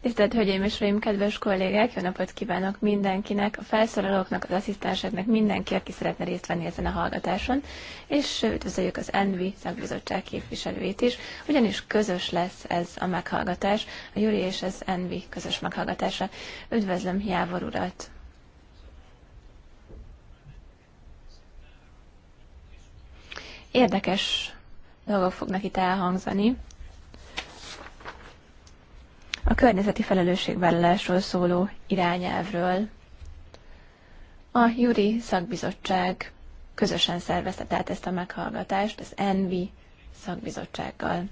Tisztelt Hölgyeim és Uraim, kedves kollégák, jó napot kívánok mindenkinek, a felszólalóknak, az asszisztenseknek, mindenki, aki szeretne részt venni ezen a hallgatáson, és üdvözöljük az ENVI szakbizottság képviselőit is, ugyanis közös lesz ez a meghallgatás, a Júri és az ENVI közös meghallgatása. Üdvözlöm Jávor urat! Érdekes dolgok fognak itt elhangzani, a környezeti felelősségvállalásról szóló irányelvről. A Juri Szakbizottság közösen szervezte tehát ezt a meghallgatást az ENVI szakbizottsággal.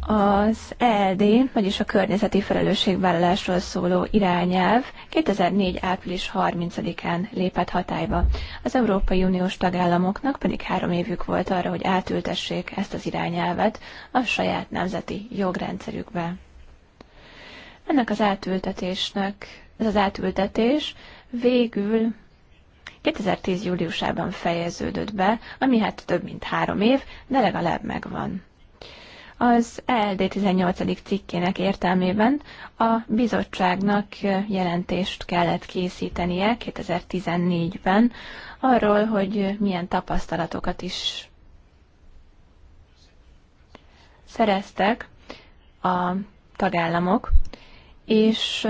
Az ELD, vagyis a környezeti felelősségvállalásról szóló irányelv 2004. április 30-án lépett hatályba. Az Európai Uniós tagállamoknak pedig három évük volt arra, hogy átültessék ezt az irányelvet a saját nemzeti jogrendszerükbe. Ennek az átültetésnek, ez az átültetés végül 2010. júliusában fejeződött be, ami hát több mint három év, de legalább megvan az LD 18. cikkének értelmében a bizottságnak jelentést kellett készítenie 2014-ben arról, hogy milyen tapasztalatokat is szereztek a tagállamok, és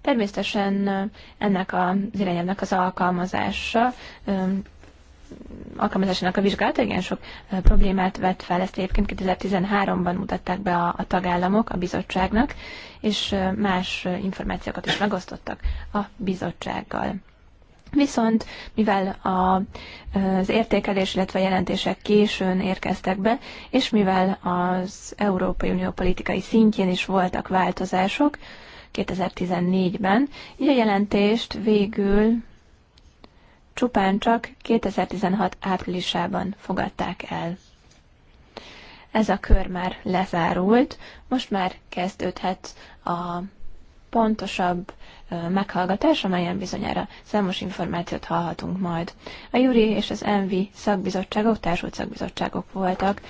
természetesen ennek az irányának az alkalmazása alkalmazásának a vizsgálata igen sok problémát vett fel. Ezt egyébként 2013-ban mutatták be a, a tagállamok a bizottságnak, és más információkat is megosztottak a bizottsággal. Viszont, mivel a, az értékelés, illetve a jelentések későn érkeztek be, és mivel az Európai Unió politikai szintjén is voltak változások 2014-ben, így a jelentést végül csupán csak 2016 áprilisában fogadták el. Ez a kör már lezárult, most már kezdődhet a pontosabb meghallgatás, amelyen bizonyára számos információt hallhatunk majd. A Juri és az Envi szakbizottságok, társult szakbizottságok voltak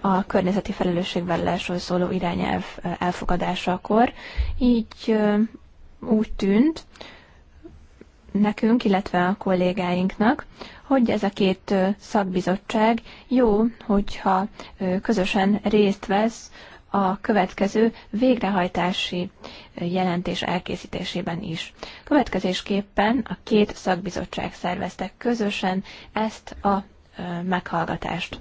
a környezeti felelősségvállalásról szóló irányelv elfogadásakor. Így úgy tűnt, nekünk, illetve a kollégáinknak, hogy ez a két szakbizottság jó, hogyha közösen részt vesz a következő végrehajtási jelentés elkészítésében is. Következésképpen a két szakbizottság szerveztek közösen ezt a meghallgatást.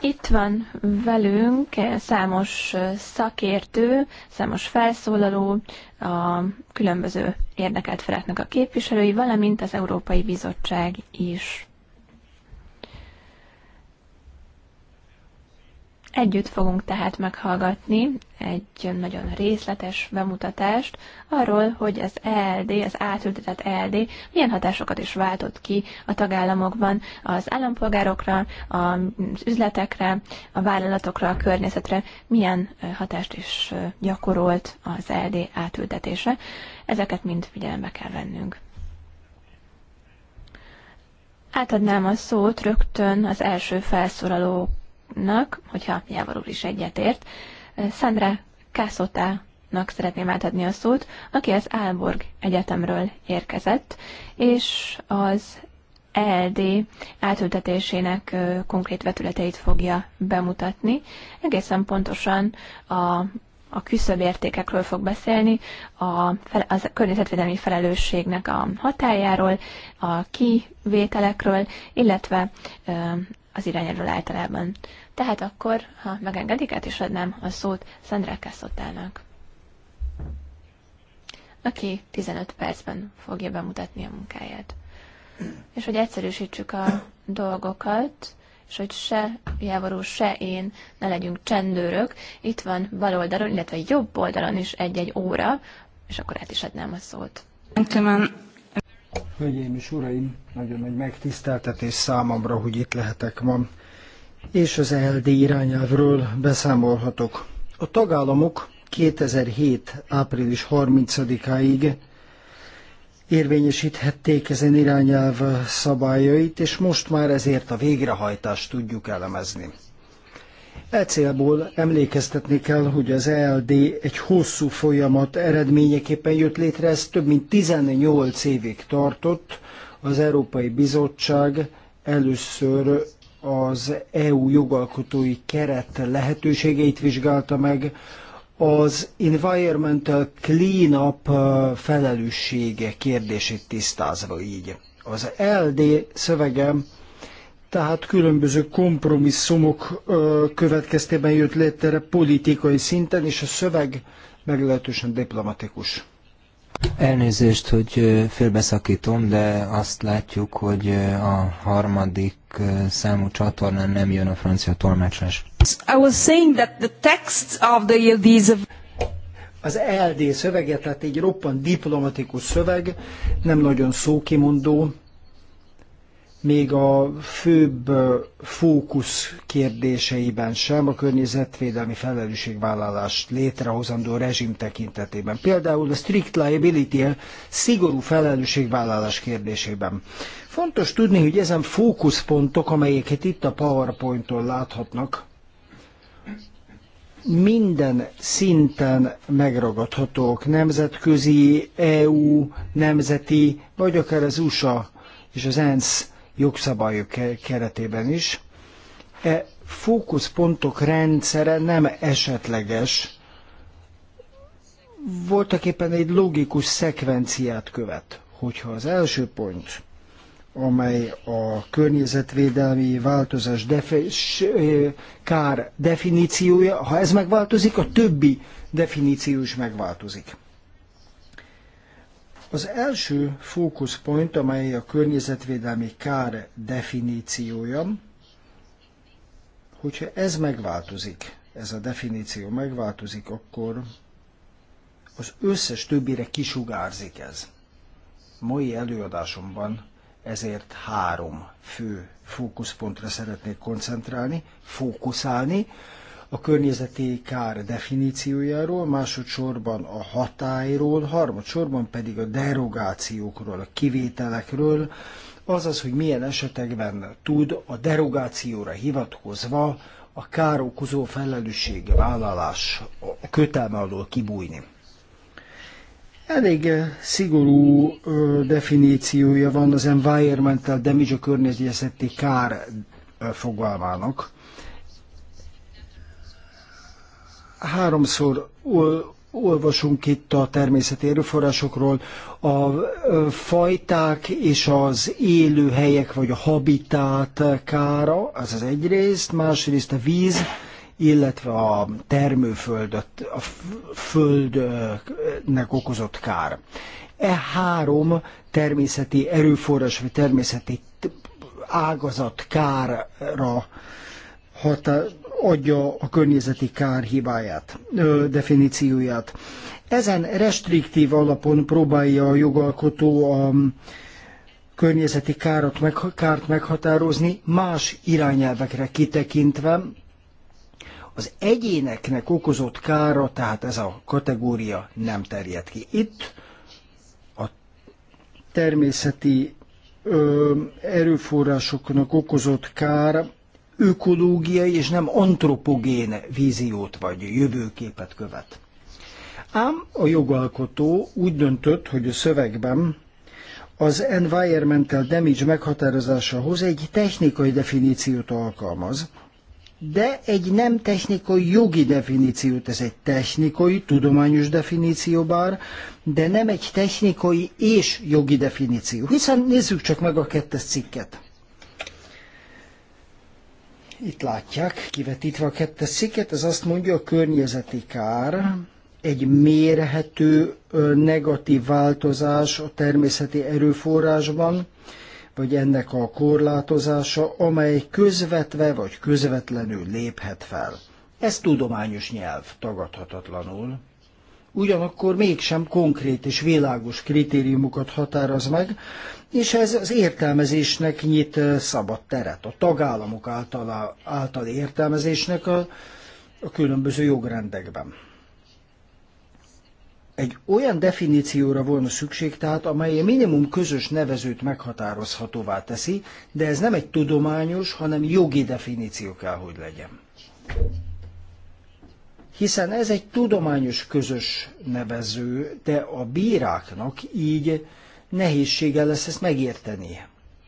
Itt van velünk számos szakértő, számos felszólaló, a különböző érdekelt feleknek a képviselői, valamint az Európai Bizottság is. Együtt fogunk tehát meghallgatni egy nagyon részletes bemutatást arról, hogy az ELD, az átültetett ELD milyen hatásokat is váltott ki a tagállamokban az állampolgárokra, az üzletekre, a vállalatokra, a környezetre, milyen hatást is gyakorolt az ELD átültetése. Ezeket mind figyelembe kell vennünk. Átadnám a szót rögtön az első felszólalók úrnak, hogyha Jávor úr is egyetért, Szendre Kászotának szeretném átadni a szót, aki az Álborg Egyetemről érkezett, és az ELD átültetésének konkrét vetületeit fogja bemutatni. Egészen pontosan a a küszöbértékekről fog beszélni, a, a környezetvédelmi felelősségnek a hatájáról, a kivételekről, illetve az irányelvről általában. Tehát akkor, ha megengedik, át is adnám a szót Szendrá Kasszottának, aki 15 percben fogja bemutatni a munkáját. És hogy egyszerűsítsük a dolgokat, és hogy se Jávorú, se én ne legyünk csendőrök, itt van bal oldalon, illetve jobb oldalon is egy-egy óra, és akkor át is adnám a szót. Köszönöm. Hölgyeim és uraim, nagyon nagy megtiszteltetés számomra, hogy itt lehetek ma, és az ELD irányelvről beszámolhatok. A tagállamok 2007. április 30-áig érvényesíthették ezen irányelv szabályait, és most már ezért a végrehajtást tudjuk elemezni. E célból emlékeztetni kell, hogy az ELD egy hosszú folyamat eredményeképpen jött létre, ez több mint 18 évig tartott. Az Európai Bizottság először az EU jogalkotói keret lehetőségeit vizsgálta meg, az environmental cleanup uh, felelőssége kérdését tisztázva így. Az e LD szövege tehát különböző kompromisszumok következtében jött létre politikai szinten, és a szöveg meglehetősen diplomatikus. Elnézést, hogy félbeszakítom, de azt látjuk, hogy a harmadik számú csatornán nem jön a francia tolmácsás. I was saying that the texts of the, these... Az e LD szöveget, tehát egy roppant diplomatikus szöveg, nem nagyon szókimondó, még a főbb fókusz kérdéseiben sem a környezetvédelmi felelősségvállalást létrehozandó rezsim tekintetében. Például a strict liability szigorú felelősségvállalás kérdésében. Fontos tudni, hogy ezen fókuszpontok, amelyeket itt a PowerPoint-on láthatnak, minden szinten megragadhatók, nemzetközi, EU, nemzeti, vagy akár az USA és az ENSZ e jogszabályok keretében is. E fókuszpontok rendszere nem esetleges, voltak éppen egy logikus szekvenciát követ. Hogyha az első pont, amely a környezetvédelmi változás defi- kár definíciója, ha ez megváltozik, a többi definíció is megváltozik. Az első fókuszpont, amely a környezetvédelmi kár definíciója, hogyha ez megváltozik, ez a definíció megváltozik, akkor az összes többire kisugárzik ez. Mai előadásomban ezért három fő fókuszpontra szeretnék koncentrálni, fókuszálni, a környezeti kár definíciójáról, másodszorban a hatályról, harmadsorban pedig a derogációkról, a kivételekről, azaz, hogy milyen esetekben tud a derogációra hivatkozva a károkozó felelősség vállalás a kötelme alól kibújni. Elég eh, szigorú ö, definíciója van az environmental damage, a környezeti kár eh, fogalmának. háromszor olvasunk itt a természeti erőforrásokról, a fajták és az élőhelyek, vagy a habitát kára, az az egyrészt, másrészt a víz, illetve a termőföldet, a földnek okozott kár. E három természeti erőforrás, vagy természeti ágazat kárra hatá- adja a környezeti kár hibáját, ö, definícióját. Ezen restriktív alapon próbálja a jogalkotó a környezeti kárat meg, kárt meghatározni, más irányelvekre kitekintve, az egyéneknek okozott kára, tehát ez a kategória nem terjed ki. Itt a természeti ö, erőforrásoknak okozott kár ökológiai és nem antropogén víziót vagy jövőképet követ. Ám a jogalkotó úgy döntött, hogy a szövegben az environmental damage meghatározásához egy technikai definíciót alkalmaz, de egy nem technikai jogi definíciót, ez egy technikai, tudományos definíció bár, de nem egy technikai és jogi definíció. Hiszen nézzük csak meg a kettes cikket itt látják, kivetítve a kettes sziket, ez azt mondja, a környezeti kár egy mérhető negatív változás a természeti erőforrásban, vagy ennek a korlátozása, amely közvetve vagy közvetlenül léphet fel. Ez tudományos nyelv, tagadhatatlanul ugyanakkor mégsem konkrét és világos kritériumokat határoz meg, és ez az értelmezésnek nyit szabad teret, a tagállamok által, által értelmezésnek a, a különböző jogrendekben. Egy olyan definícióra volna szükség tehát, amely a minimum közös nevezőt meghatározhatóvá teszi, de ez nem egy tudományos, hanem jogi definíció kell, hogy legyen hiszen ez egy tudományos közös nevező, de a bíráknak így nehézsége lesz ezt megérteni,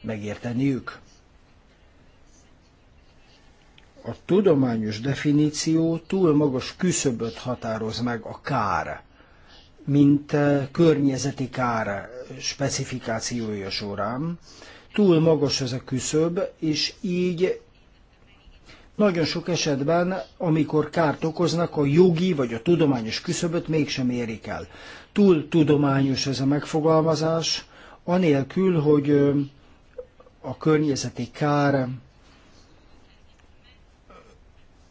megérteniük. A tudományos definíció túl magas küszöböt határoz meg a kár, mint eh, környezeti kár specifikációja során. Túl magas ez a küszöb, és így nagyon sok esetben, amikor kárt okoznak, a jogi vagy a tudományos küszöböt mégsem érik el. Túl tudományos ez a megfogalmazás, anélkül, hogy a környezeti kár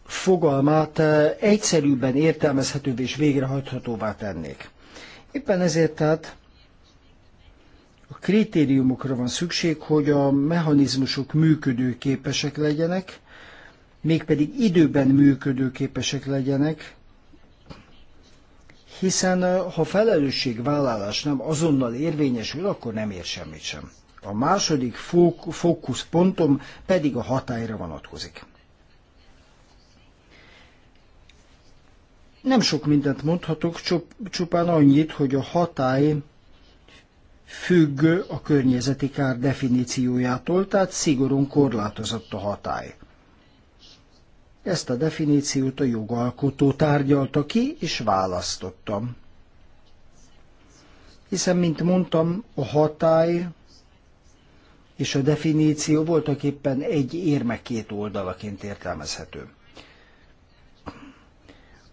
fogalmát egyszerűbben értelmezhetővé és végrehajthatóvá tennék. Éppen ezért tehát a kritériumokra van szükség, hogy a mechanizmusok működőképesek legyenek, mégpedig időben működőképesek legyenek, hiszen ha felelősségvállalás nem azonnal érvényesül, akkor nem ér semmit sem. A második fók, fókuszpontom pedig a hatályra vonatkozik. Nem sok mindent mondhatok, csupán annyit, hogy a hatály függ a környezeti kár definíciójától, tehát szigorúan korlátozott a hatály. Ezt a definíciót a jogalkotó tárgyalta ki, és választottam. Hiszen, mint mondtam, a hatály és a definíció voltak éppen egy érme két oldalaként értelmezhető.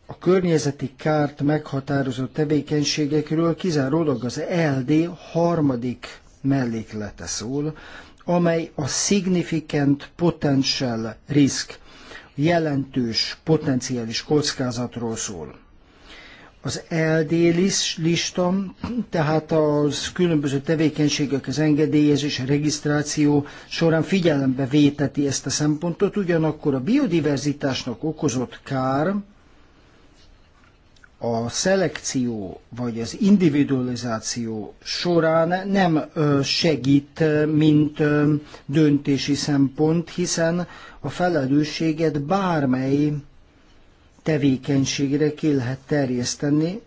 A környezeti kárt meghatározó tevékenységekről kizárólag az LD harmadik melléklete szól, amely a significant potential risk jelentős potenciális kockázatról szól. Az LD lista, tehát az különböző tevékenységek, az engedélyezés, a regisztráció során figyelembe véteti ezt a szempontot, ugyanakkor a biodiverzitásnak okozott kár, a szelekció vagy az individualizáció során nem segít, mint döntési szempont, hiszen a felelősséget bármely tevékenységre ki lehet terjeszteni,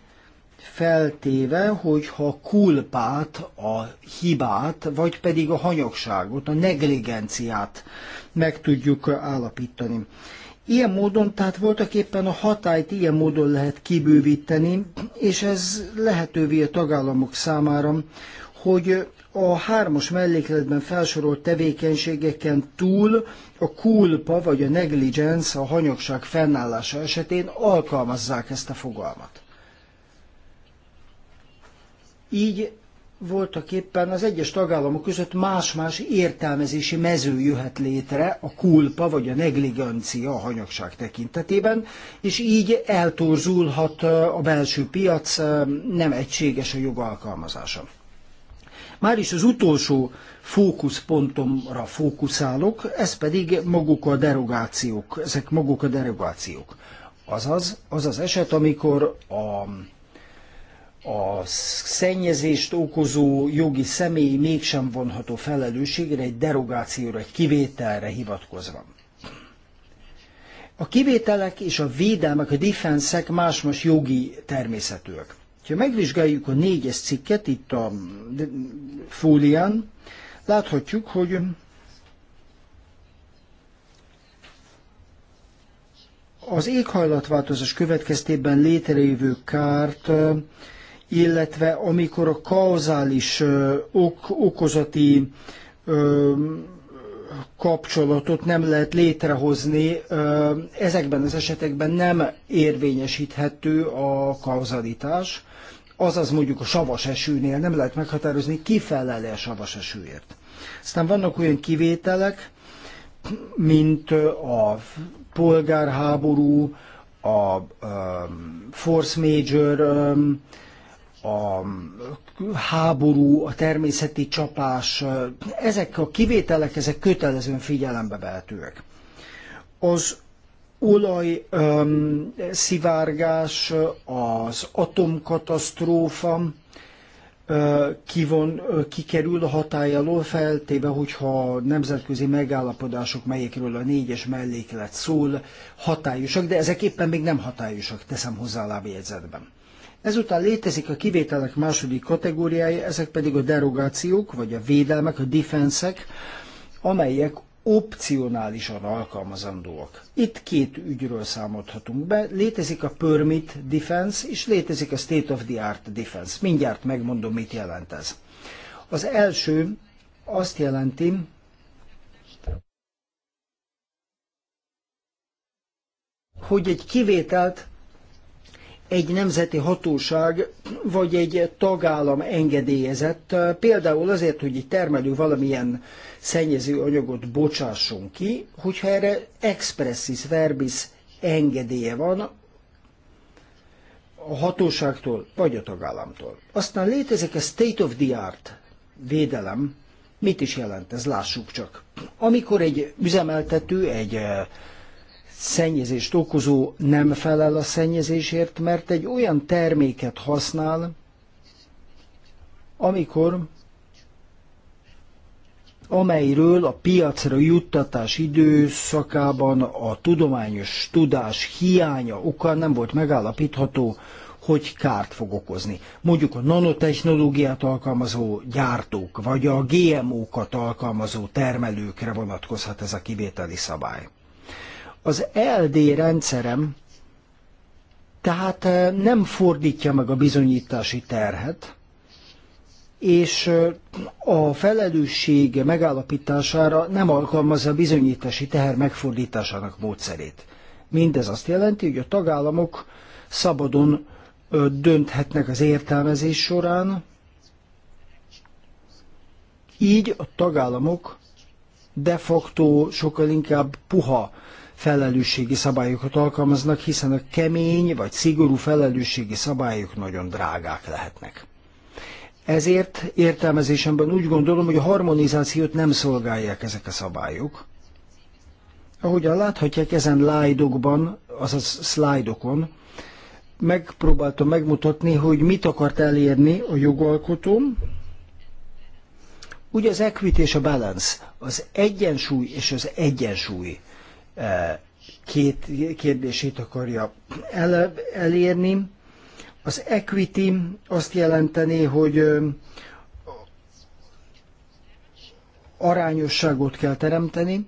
feltéve, hogyha kulpát, a hibát, vagy pedig a hanyagságot, a negligenciát meg tudjuk állapítani. Ilyen módon, tehát voltak éppen a hatályt ilyen módon lehet kibővíteni, és ez lehetővé a tagállamok számára, hogy a hármas mellékletben felsorolt tevékenységeken túl a kulpa vagy a negligence, a hanyagság fennállása esetén alkalmazzák ezt a fogalmat. Így voltak éppen az egyes tagállamok között más-más értelmezési mező jöhet létre a kulpa vagy a negligencia a hanyagság tekintetében, és így eltorzulhat eh, a belső piac, eh, nem egységes a jogalkalmazása. Már is az utolsó fókuszpontomra fókuszálok, ez pedig maguk a derogációk, ezek maguk a derogációk. Azaz, az az eset, amikor a a szennyezést okozó jogi személy mégsem vonható felelősségre egy derogációra, egy kivételre hivatkozva. A kivételek és a védelmek, a defenszek más-más jogi természetűek. Ha megvizsgáljuk a négyes cikket itt a fólián, láthatjuk, hogy az éghajlatváltozás következtében létrejövő kárt illetve amikor a kauzális ok, okozati ö, kapcsolatot nem lehet létrehozni, ö, ezekben az esetekben nem érvényesíthető a kauzalitás, azaz mondjuk a savas esőnél nem lehet meghatározni, ki felel a savas esőért. Aztán vannak olyan kivételek, mint a polgárháború, a, a force major a háború, a természeti csapás, ezek a kivételek, ezek kötelezően figyelembe vehetőek. Az olaj um, szivárgás, az atomkatasztrófa uh, kivon, uh, kikerül a hatály alól, feltéve, hogyha nemzetközi megállapodások, melyekről a négyes melléklet szól, hatályosak, de ezek éppen még nem hatályosak, teszem hozzá a lábjegyzetben. Ezután létezik a kivételek második kategóriája, ezek pedig a derogációk, vagy a védelmek, a defenszek, amelyek opcionálisan alkalmazandóak. Itt két ügyről számolhatunk be. Létezik a Permit Defense, és létezik a State of the Art Defense. Mindjárt megmondom, mit jelent ez. Az első azt jelenti, hogy egy kivételt egy nemzeti hatóság vagy egy tagállam engedélyezett, például azért, hogy egy termelő valamilyen szennyező anyagot bocsásson ki, hogyha erre expressis verbis engedélye van a hatóságtól vagy a tagállamtól. Aztán létezik a state of the art védelem, Mit is jelent ez? Lássuk csak. Amikor egy üzemeltető, egy szennyezést okozó nem felel a szennyezésért, mert egy olyan terméket használ, amikor amelyről a piacra juttatás időszakában a tudományos tudás hiánya okán nem volt megállapítható, hogy kárt fog okozni. Mondjuk a nanotechnológiát alkalmazó gyártók, vagy a GMO-kat alkalmazó termelőkre vonatkozhat ez a kivételi szabály. Az LD rendszerem tehát nem fordítja meg a bizonyítási terhet, és a felelősség megállapítására nem alkalmazza a bizonyítási teher megfordításának módszerét. Mindez azt jelenti, hogy a tagállamok szabadon dönthetnek az értelmezés során, így a tagállamok de facto sokkal inkább puha felelősségi szabályokat alkalmaznak, hiszen a kemény vagy szigorú felelősségi szabályok nagyon drágák lehetnek. Ezért értelmezésemben úgy gondolom, hogy a harmonizációt nem szolgálják ezek a szabályok. Ahogyan láthatják ezen lájdokban, azaz szlájdokon, megpróbáltam megmutatni, hogy mit akart elérni a jogalkotóm. Ugye az equity és a balance, az egyensúly és az egyensúly két kérdését akarja el, elérni. Az equity azt jelenteni, hogy arányosságot kell teremteni,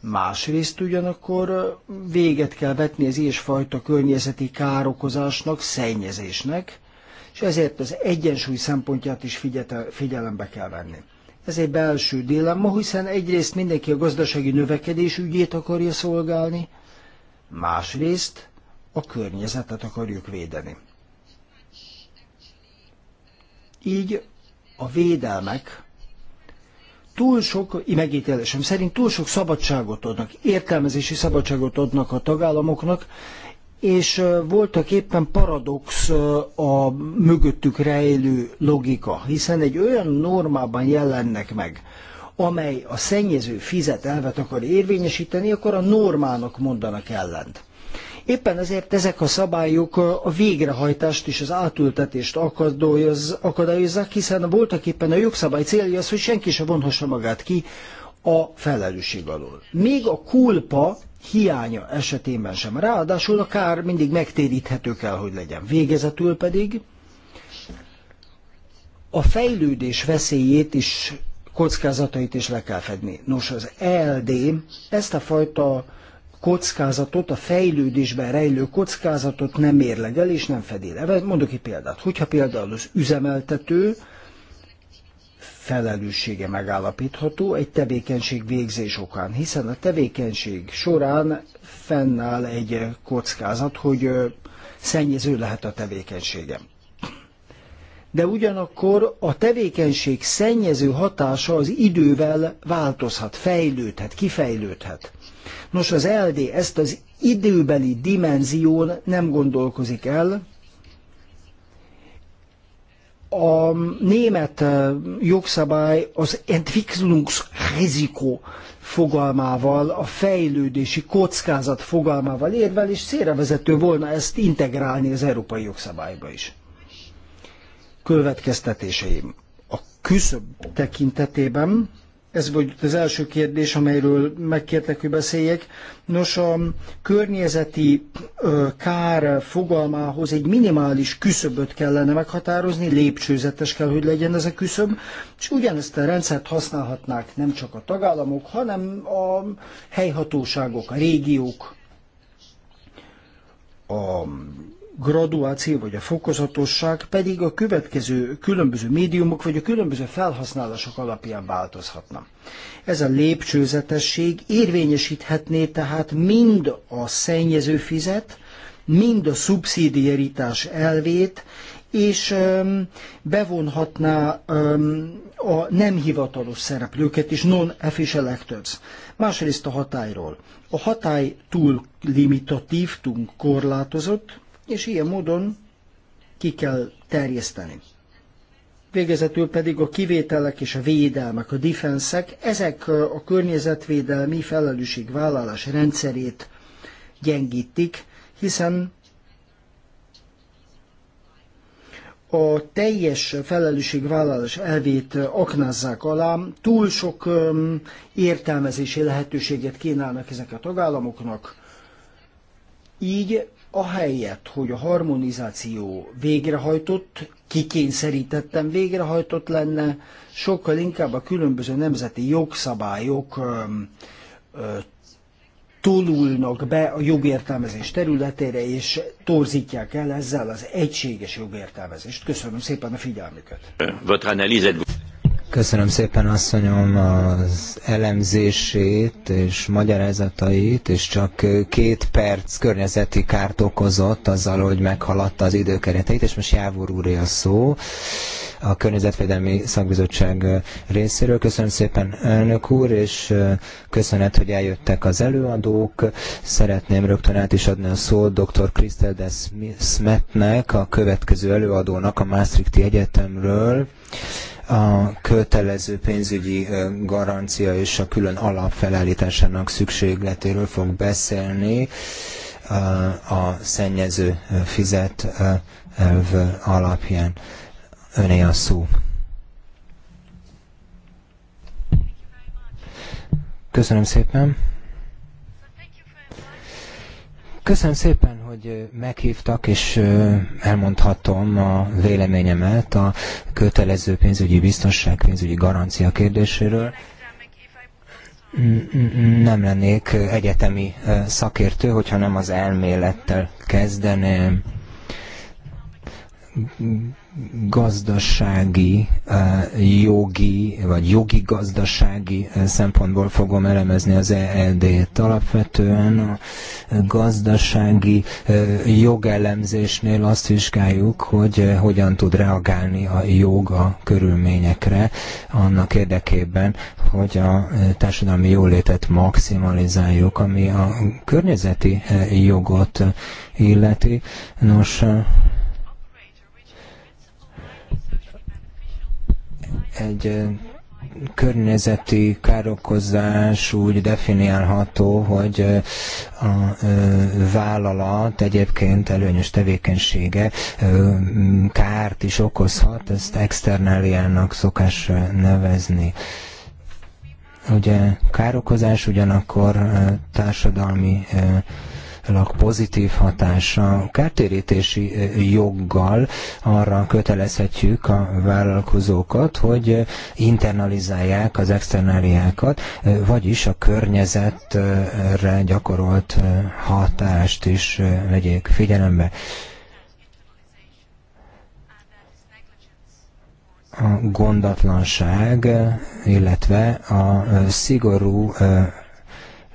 másrészt ugyanakkor véget kell vetni az ilyesfajta környezeti károkozásnak, szennyezésnek, és ezért az egyensúly szempontját is figyelembe kell venni. Ez egy belső dilemma, hiszen egyrészt mindenki a gazdasági növekedés ügyét akarja szolgálni, másrészt a környezetet akarjuk védeni. Így a védelmek túl sok, megítélésem szerint túl sok szabadságot adnak, értelmezési szabadságot adnak a tagállamoknak, és voltak éppen paradox a mögöttük rejlő logika, hiszen egy olyan normában jelennek meg, amely a szennyező fizet elvet akar érvényesíteni, akkor a normának mondanak ellent. Éppen ezért ezek a szabályok a végrehajtást és az átültetést akadályozzák, hiszen voltak éppen a jogszabály célja az, hogy senki se vonhassa magát ki a felelősség alól. Még a kulpa hiánya esetében sem. Ráadásul a kár mindig megtéríthető kell, hogy legyen. Végezetül pedig a fejlődés veszélyét is, kockázatait is le kell fedni. Nos, az ELD ezt a fajta kockázatot, a fejlődésben rejlő kockázatot nem érlegel és nem fedi le. Mondok egy példát. Hogyha például az üzemeltető felelőssége megállapítható egy tevékenység végzés okán, hiszen a tevékenység során fennáll egy kockázat, hogy szennyező lehet a tevékenységem. De ugyanakkor a tevékenység szennyező hatása az idővel változhat, fejlődhet, kifejlődhet. Nos, az LD ezt az időbeli dimenzión nem gondolkozik el, a német jogszabály az Entwicklungsrisiko fogalmával, a fejlődési kockázat fogalmával érvel, és szélrevezető volna ezt integrálni az európai jogszabályba is. Következtetéseim. A küszöb tekintetében ez volt az első kérdés, amelyről megkértek, hogy beszéljek. Nos, a környezeti kár fogalmához egy minimális küszöböt kellene meghatározni, lépcsőzetes kell, hogy legyen ez a küszöb, és ugyanezt a rendszert használhatnák nem csak a tagállamok, hanem a helyhatóságok, a régiók, a graduáció vagy a fokozatosság pedig a következő különböző médiumok vagy a különböző felhasználások alapján változhatna. Ez a lépcsőzetesség érvényesíthetné tehát mind a szennyező fizet, mind a szubszidiaritás elvét, és bevonhatná a nem hivatalos szereplőket is, non-official actors. Másrészt a hatályról. A hatály túl limitatív, túl korlátozott, és ilyen módon ki kell terjeszteni. Végezetül pedig a kivételek és a védelmek, a defenszek, ezek a környezetvédelmi felelősségvállalás rendszerét gyengítik, hiszen a teljes felelősségvállalás elvét aknázzák alá, túl sok értelmezési lehetőséget kínálnak ezek a tagállamoknak, így ahelyett, hogy a harmonizáció végrehajtott, kikényszerítettem végrehajtott lenne, sokkal inkább a különböző nemzeti jogszabályok tolulnak be a jogértelmezés területére, és torzítják el ezzel az egységes jogértelmezést. Köszönöm szépen a figyelmüket. Köszönöm szépen asszonyom az elemzését és magyarázatait, és csak két perc környezeti kárt okozott azzal, hogy meghaladta az időkereteit, és most Jávor úré a szó a Környezetvédelmi Szakbizottság részéről. Köszönöm szépen elnök úr, és köszönet, hogy eljöttek az előadók. Szeretném rögtön át is adni a szót dr. Krisztel de Smetnek, a következő előadónak a Maastrichti Egyetemről a kötelező pénzügyi garancia és a külön alap felállításának szükségletéről fog beszélni a szennyező fizet elv alapján. Öné a szó. Köszönöm szépen. Köszönöm szépen, hogy meghívtak, és elmondhatom a véleményemet a kötelező pénzügyi biztonság, pénzügyi garancia kérdéséről nem lennék egyetemi szakértő, hogyha nem az elmélettel kezdeném gazdasági, eh, jogi, vagy jogi-gazdasági eh, szempontból fogom elemezni az ELD-t. Alapvetően a gazdasági eh, jogelemzésnél azt vizsgáljuk, hogy hogyan tud reagálni a jog a körülményekre annak érdekében, hogy a társadalmi jólétet maximalizáljuk, ami a környezeti jogot illeti. Nos, egy környezeti károkozás úgy definiálható, hogy a vállalat egyébként előnyös tevékenysége kárt is okozhat, ezt externáliának szokás nevezni. Ugye károkozás ugyanakkor társadalmi pozitív hatása. Kártérítési eh, joggal arra kötelezhetjük a vállalkozókat, hogy eh, internalizálják az externáliákat, eh, vagyis a környezetre gyakorolt hatást is vegyék figyelembe. a gondatlanság, illetve a szigorú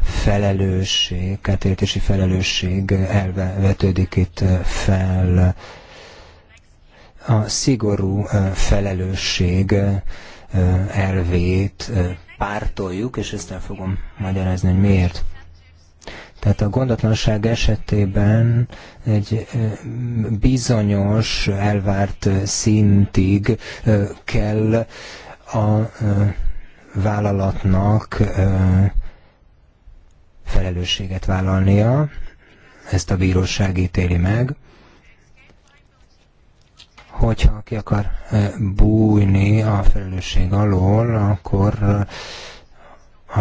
felelősség, kártérítési felelősség elve vetődik itt eh, fel. A szigorú eh, felelősség eh, elvét pártoljuk, és ezt el fogom magyarázni, hogy miért. Tehát a gondatlanság esetében egy bizonyos elvárt szintig kell a vállalatnak felelősséget vállalnia, ezt a bíróság ítéli meg. Hogyha ki akar eh, bújni a felelősség alól, akkor eh,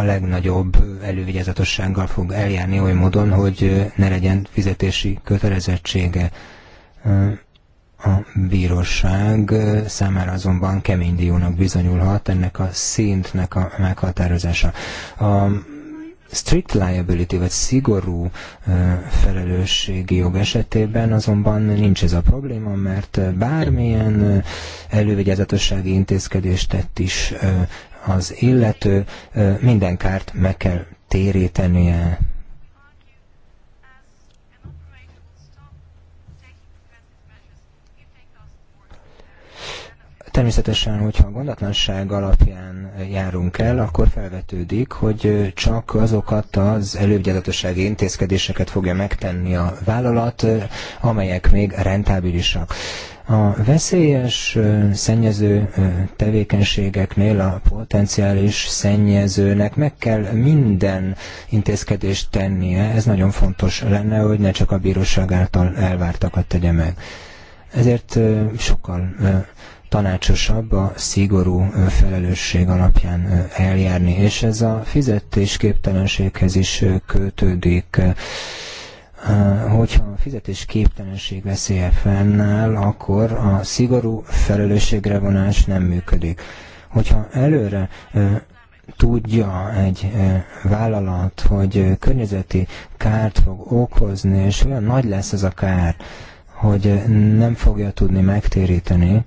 a legnagyobb elővigyázatossággal fog eljárni oly módon, hogy eh, ne legyen fizetési kötelezettsége. A bíróság számára azonban kemény diónak bizonyulhat ennek a szintnek a meghatározása. A strict liability, vagy szigorú felelősségi jog esetében azonban nincs ez a probléma, mert bármilyen elővigyázatossági intézkedést tett is az illető, minden kárt meg kell térítenie Természetesen, hogyha a gondatlanság alapján járunk el, akkor felvetődik, hogy csak azokat az elővigyázatossági intézkedéseket fogja megtenni a vállalat, amelyek még rentábilisak. A veszélyes szennyező tevékenységeknél a potenciális szennyezőnek meg kell minden intézkedést tennie. Ez nagyon fontos lenne, hogy ne csak a bíróság által elvártakat tegye meg. Ezért sokkal tanácsosabb a szigorú felelősség alapján eljárni. És ez a fizetésképtelenséghez is kötődik. Hogyha a fizetésképtelenség veszélye fennáll, akkor a szigorú felelősségre vonás nem működik. Hogyha előre tudja egy vállalat, hogy környezeti kárt fog okozni, és olyan nagy lesz ez a kár, hogy nem fogja tudni megtéríteni,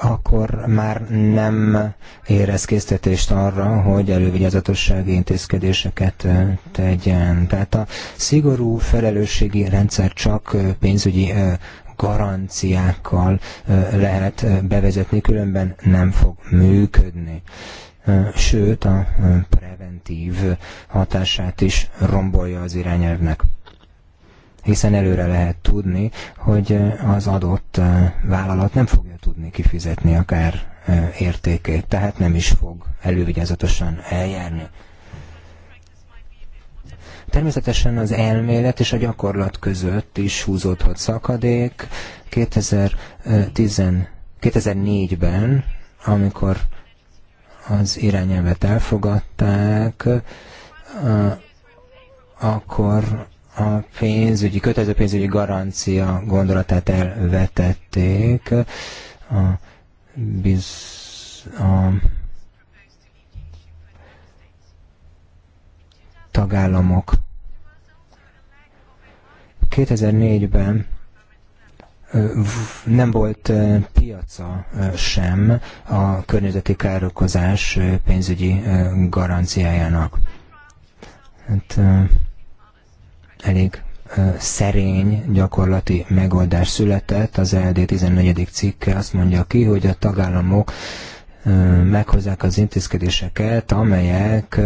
akkor már nem érez késztetést arra, hogy elővigyázatossági intézkedéseket tegyen. Tehát a szigorú felelősségi rendszer csak pénzügyi garanciákkal lehet bevezetni, különben nem fog működni. Sőt, a preventív hatását is rombolja az irányelvnek hiszen előre lehet tudni, hogy az adott vállalat nem fogja tudni kifizetni akár értékét, tehát nem is fog elővigyázatosan eljárni. Természetesen az elmélet és a gyakorlat között is húzódhat szakadék. 2004-ben, amikor az irányelvet elfogadták, akkor a pénzügyi, kötelező pénzügyi garancia gondolatát elvetették. A, biz, a tagállamok 2004-ben nem volt piaca sem a környezeti károkozás pénzügyi garanciájának. Hát, elég szerény gyakorlati megoldás született. Az e LD 14. cikke azt mondja ki, hogy a tagállamok meghozzák az intézkedéseket, amelyek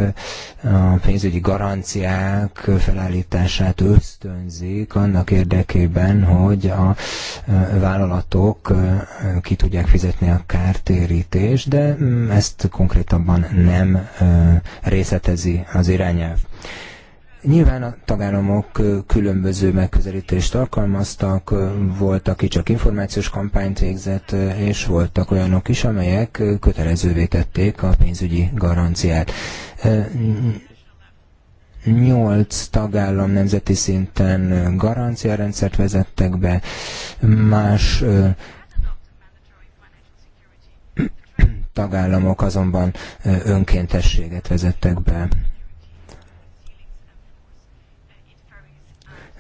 a pénzügyi garanciák felállítását ösztönzik annak érdekében, hogy a vállalatok ki tudják fizetni a kártérítést, de mm, ezt konkrétabban nem részletezi az irányelv. Nyilván a tagállamok különböző megközelítést alkalmaztak, volt, aki csak információs kampányt végzett, és voltak olyanok is, amelyek kötelezővé tették a pénzügyi garanciát. Nyolc tagállam nemzeti szinten garanciarendszert vezettek be, más tagállamok azonban önkéntességet vezettek be.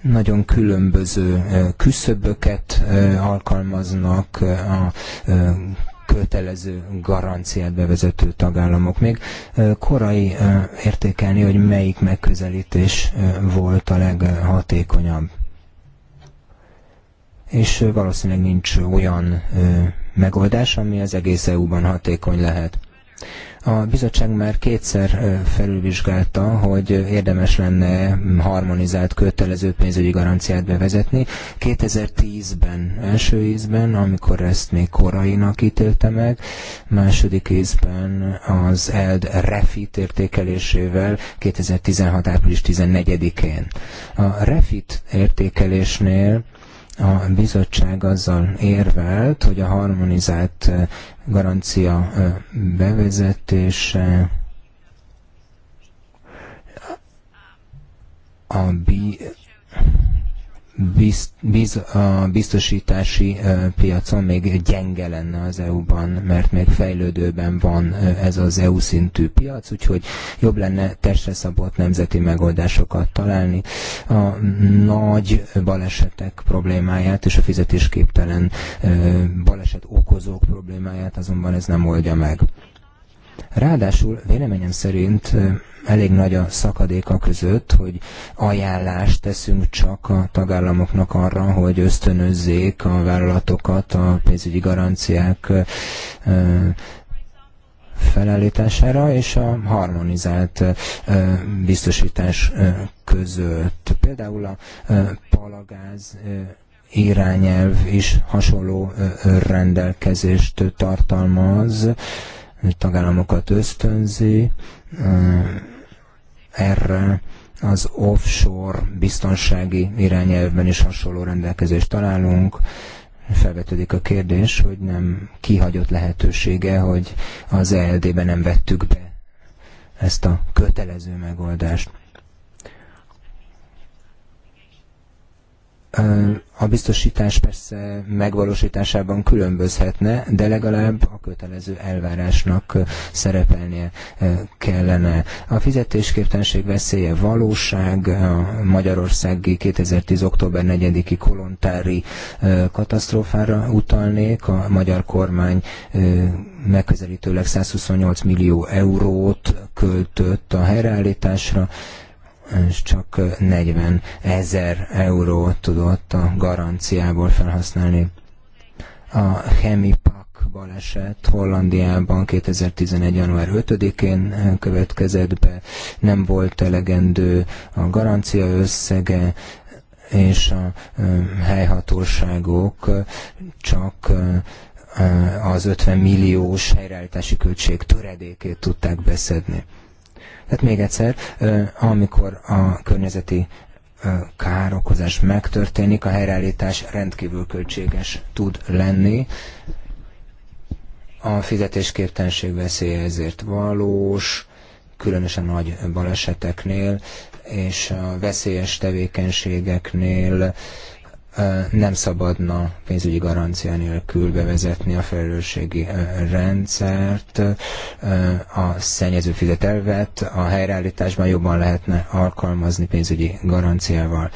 nagyon különböző küszöböket alkalmaznak a kötelező garanciát bevezető tagállamok. Még korai értékelni, hogy melyik megközelítés volt a leghatékonyabb. És valószínűleg nincs olyan megoldás, ami az egész EU-ban hatékony lehet. A bizottság már kétszer felülvizsgálta, hogy érdemes lenne harmonizált kötelező pénzügyi garanciát bevezetni. 2010-ben, első ízben, amikor ezt még korainak ítélte meg, második ízben az ELD refit értékelésével 2016. április 14-én. A refit értékelésnél a bizottság azzal érvelt, hogy a harmonizált garancia bevezetése a bi biz, biz, a biztosítási piacon még gyenge lenne az EU-ban, mert még fejlődőben van ez az EU szintű piac, úgyhogy jobb lenne testre szabott nemzeti megoldásokat találni. A nagy balesetek problémáját és a fizetésképtelen baleset okozók problémáját azonban ez nem oldja meg. Ráadásul véleményem szerint elég nagy a szakadéka között, hogy ajánlást teszünk csak a tagállamoknak arra, hogy ösztönözzék a vállalatokat a pénzügyi garanciák felállítására és a harmonizált biztosítás között. Például a palagáz irányelv is hasonló rendelkezést tartalmaz, tagállamokat ösztönzi erre az offshore biztonsági irányelvben is hasonló rendelkezést találunk. Felvetődik a kérdés, hogy nem kihagyott lehetősége, hogy az eld ben nem vettük be ezt a kötelező megoldást. A biztosítás persze megvalósításában különbözhetne, de legalább a kötelező elvárásnak szerepelnie kellene. A fizetésképtelenség veszélye valóság, a magyarországi 2010. október 4-i kolontári katasztrófára utalnék, a magyar kormány megközelítőleg 128 millió eurót költött a helyreállításra, csak 40 ezer eurót tudott a garanciából felhasználni. A Chemipak baleset Hollandiában 2011. január 5-én következett be, nem volt elegendő a garancia összege, és a helyhatóságok csak az 50 milliós helyreállítási költség töredékét tudták beszedni. Tehát még egyszer, amikor a környezeti károkozás megtörténik, a helyreállítás rendkívül költséges tud lenni, a fizetésképtelenség veszélye ezért valós, különösen nagy baleseteknél és a veszélyes tevékenységeknél nem szabadna pénzügyi garancia nélkül bevezetni a felelősségi rendszert, a szennyező fizetelvet a helyreállításban jobban lehetne alkalmazni pénzügyi garanciával.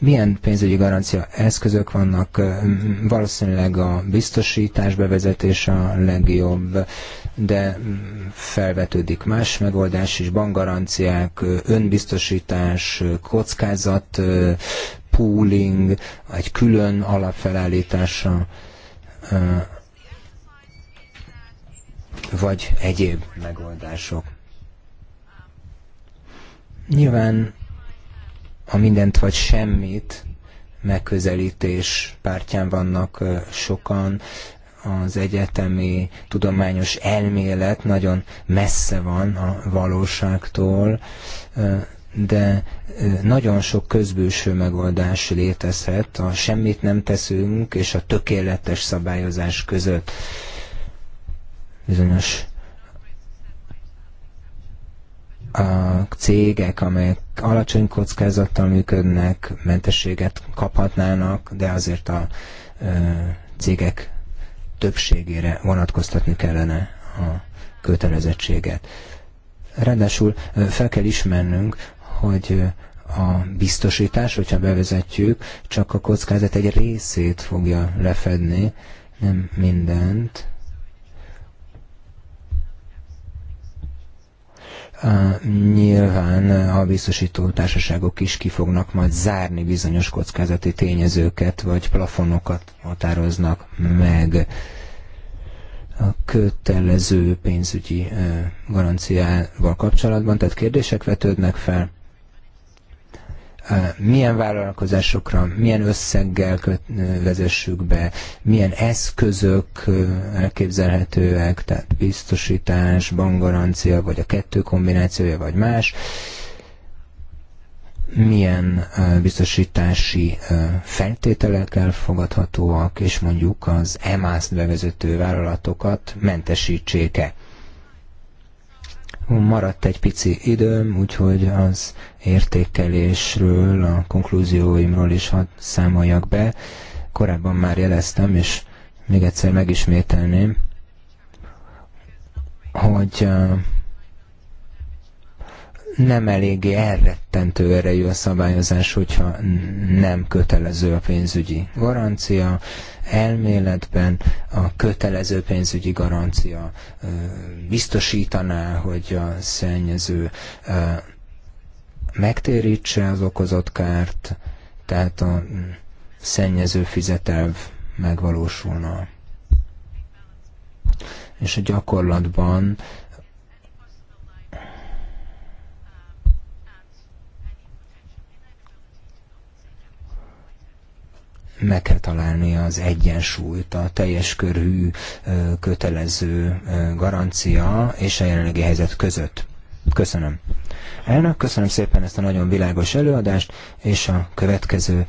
Milyen pénzügyi garancia eszközök vannak? Valószínűleg a biztosítás bevezetése a legjobb, de felvetődik más megoldás is, bankgaranciák, önbiztosítás, kockázat, pooling, egy külön alapfelállítása, vagy egyéb megoldások. Nyilván a mindent vagy semmit megközelítés pártján vannak sokan, az egyetemi tudományos elmélet nagyon messze van a valóságtól, de nagyon sok közbülső megoldás létezhet a semmit nem teszünk és a tökéletes szabályozás között. Bizonyos a cégek, amelyek alacsony kockázattal működnek, mentességet kaphatnának, de azért a cégek többségére vonatkoztatni kellene a kötelezettséget. Ráadásul fel kell ismernünk, hogy a biztosítás, hogyha bevezetjük, csak a kockázat egy részét fogja lefedni, nem mindent. nyilván a biztosító társaságok is ki fognak majd zárni bizonyos kockázati tényezőket, vagy plafonokat határoznak meg a kötelező pénzügyi e, garanciával kapcsolatban, tehát kérdések vetődnek fel milyen vállalkozásokra, milyen összeggel vezessük be, milyen eszközök elképzelhetőek, tehát biztosítás, bankgarancia, vagy a kettő kombinációja, vagy más, milyen biztosítási feltételek elfogadhatóak, és mondjuk az EMAS-t bevezető vállalatokat mentesítsék-e. Maradt egy pici időm, úgyhogy az értékelésről, a konklúzióimról is hadd számoljak be. Korábban már jeleztem, és még egyszer megismételném, hogy nem eléggé elrettentő erejű a szabályozás, hogyha nem kötelező a pénzügyi garancia. Elméletben a kötelező pénzügyi garancia biztosítaná, hogy a szennyező megtérítse az okozott kárt, tehát a szennyező fizetelv megvalósulna. És a gyakorlatban meg kell találni az egyensúlyt, a teljes körű kötelező garancia és a jelenlegi helyzet között. Köszönöm. Elnök, köszönöm szépen ezt a nagyon világos előadást, és a következő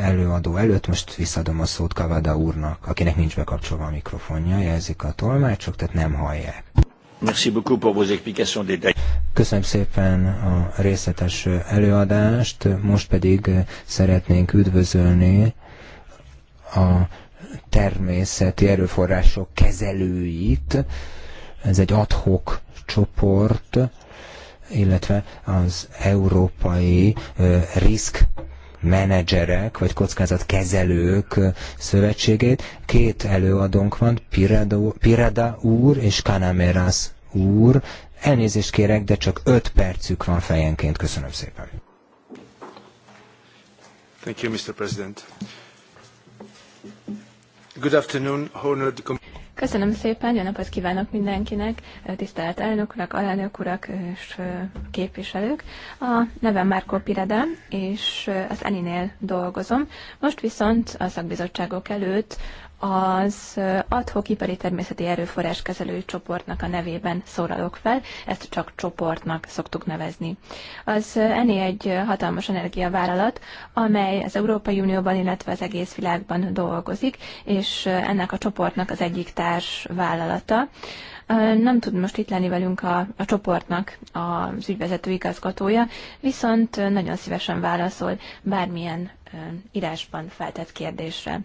előadó előtt most visszadom a szót Kavada úrnak, akinek nincs bekapcsolva a mikrofonja, jelzik a tolmácsok, tehát nem hallják. Köszönöm szépen a részletes előadást, most pedig szeretnénk üdvözölni a természeti erőforrások kezelőit. Ez egy adhok csoport, illetve az európai risk menedzserek vagy kockázatkezelők szövetségét. Két előadónk van, Pirada úr és Kanameras úr. Elnézést kérek, de csak öt percük van fejenként. Köszönöm szépen. Thank you, Mr. President. Good afternoon, honored... Köszönöm szépen, jó napot kívánok mindenkinek, tisztelt elnök urak, alelnök urak és képviselők. A nevem Márkó Pirede, és az Eninél dolgozom. Most viszont a szakbizottságok előtt az adhok ipari természeti erőforrás kezelő csoportnak a nevében szólalok fel, ezt csak csoportnak szoktuk nevezni. Az ennél egy hatalmas energiavállalat, amely az Európai Unióban, illetve az egész világban dolgozik, és ennek a csoportnak az egyik társ vállalata. Nem tud most itt lenni velünk a, a csoportnak az ügyvezető igazgatója, viszont nagyon szívesen válaszol bármilyen írásban feltett kérdésre.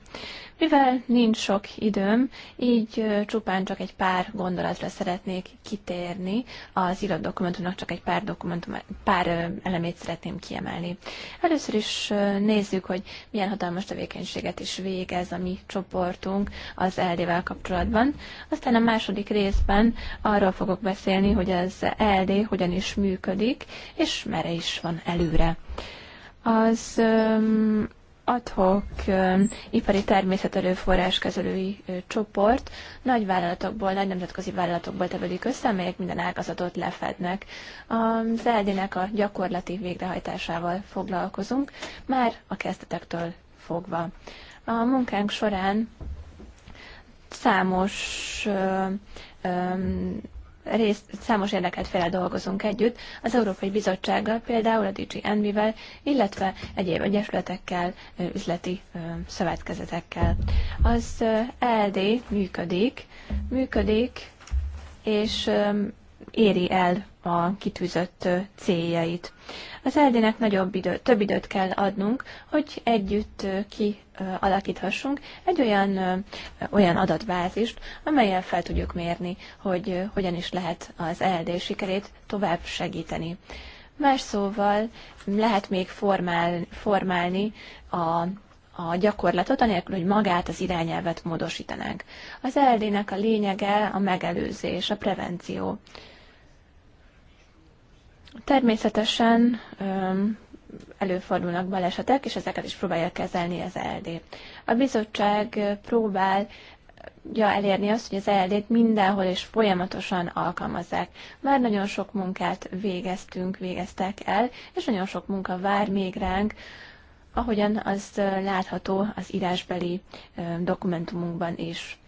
Mivel nincs sok időm, így csupán csak egy pár gondolatra szeretnék kitérni, az írott dokumentumnak csak egy pár, dokumentum, pár elemét szeretném kiemelni. Először is nézzük, hogy milyen hatalmas tevékenységet is végez a mi csoportunk az LD-vel kapcsolatban. Aztán a második részben arról fogok beszélni, hogy az LD hogyan is működik, és merre is van előre az adhok ipari természeterőforrás kezelői csoport nagy vállalatokból, nagy nemzetközi vállalatokból tevődik össze, amelyek minden ágazatot lefednek. Az ld a gyakorlati végrehajtásával foglalkozunk, már a kezdetektől fogva. A munkánk során számos részt, számos érdeket féle dolgozunk együtt, az Európai Bizottsággal, például a DG Envivel, illetve egyéb egyesületekkel, üzleti szövetkezetekkel. Az LD működik, működik, és éri el a kitűzött céljait. Az ld nagyobb idő, több időt kell adnunk, hogy együtt ki alakíthassunk egy olyan, olyan adatbázist, amelyen fel tudjuk mérni, hogy hogyan is lehet az LD sikerét tovább segíteni. Más szóval lehet még formál, formálni a a gyakorlatot, anélkül, hogy magát az irányelvet módosítanánk. Az ld a lényege a megelőzés, a prevenció. Természetesen előfordulnak balesetek, és ezeket is próbálja kezelni az ELD. A bizottság próbál ja, elérni azt, hogy az ELD-t mindenhol és folyamatosan alkalmazzák. Már nagyon sok munkát végeztünk, végeztek el, és nagyon sok munka vár még ránk, ahogyan az látható az írásbeli dokumentumunkban is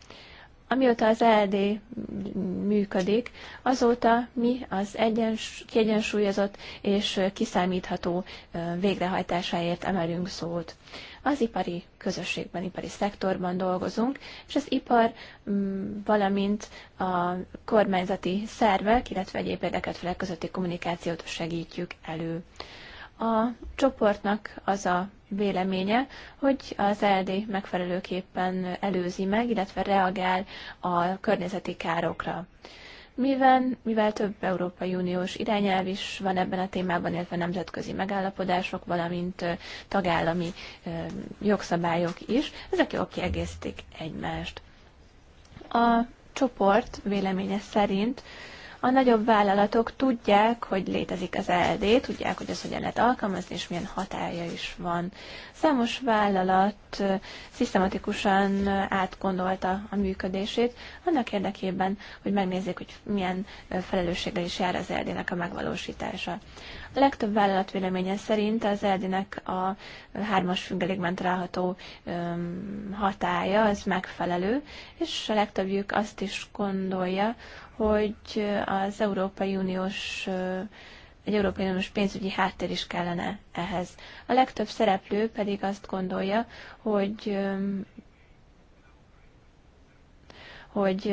amióta az LD e működik, azóta mi az egyens, kiegyensúlyozott és kiszámítható végrehajtásáért emelünk szót. Az ipari közösségben, ipari szektorban dolgozunk, és az ipar, mm, valamint a kormányzati szervek, illetve egyéb érdeket felek közötti kommunikációt segítjük elő. A csoportnak az a véleménye, hogy az LD megfelelőképpen előzi meg, illetve reagál a környezeti károkra. Mivel, mivel több Európai Uniós irányelv is van ebben a témában, illetve nemzetközi megállapodások, valamint tagállami jogszabályok is, ezek jól kiegészítik egymást. A csoport véleménye szerint a nagyobb vállalatok tudják, hogy létezik az ELD, tudják, hogy ez hogyan lehet alkalmazni, és milyen hatája is van. Számos vállalat szisztematikusan átgondolta a működését, annak érdekében, hogy megnézzék, hogy milyen felelősséggel is jár az ELD-nek a megvalósítása. A legtöbb vállalat véleménye szerint az erdinek a hármas függelékben található hatája az megfelelő, és a legtöbbjük azt is gondolja, hogy az Európai Uniós egy Európai Uniós pénzügyi háttér is kellene ehhez. A legtöbb szereplő pedig azt gondolja, hogy hogy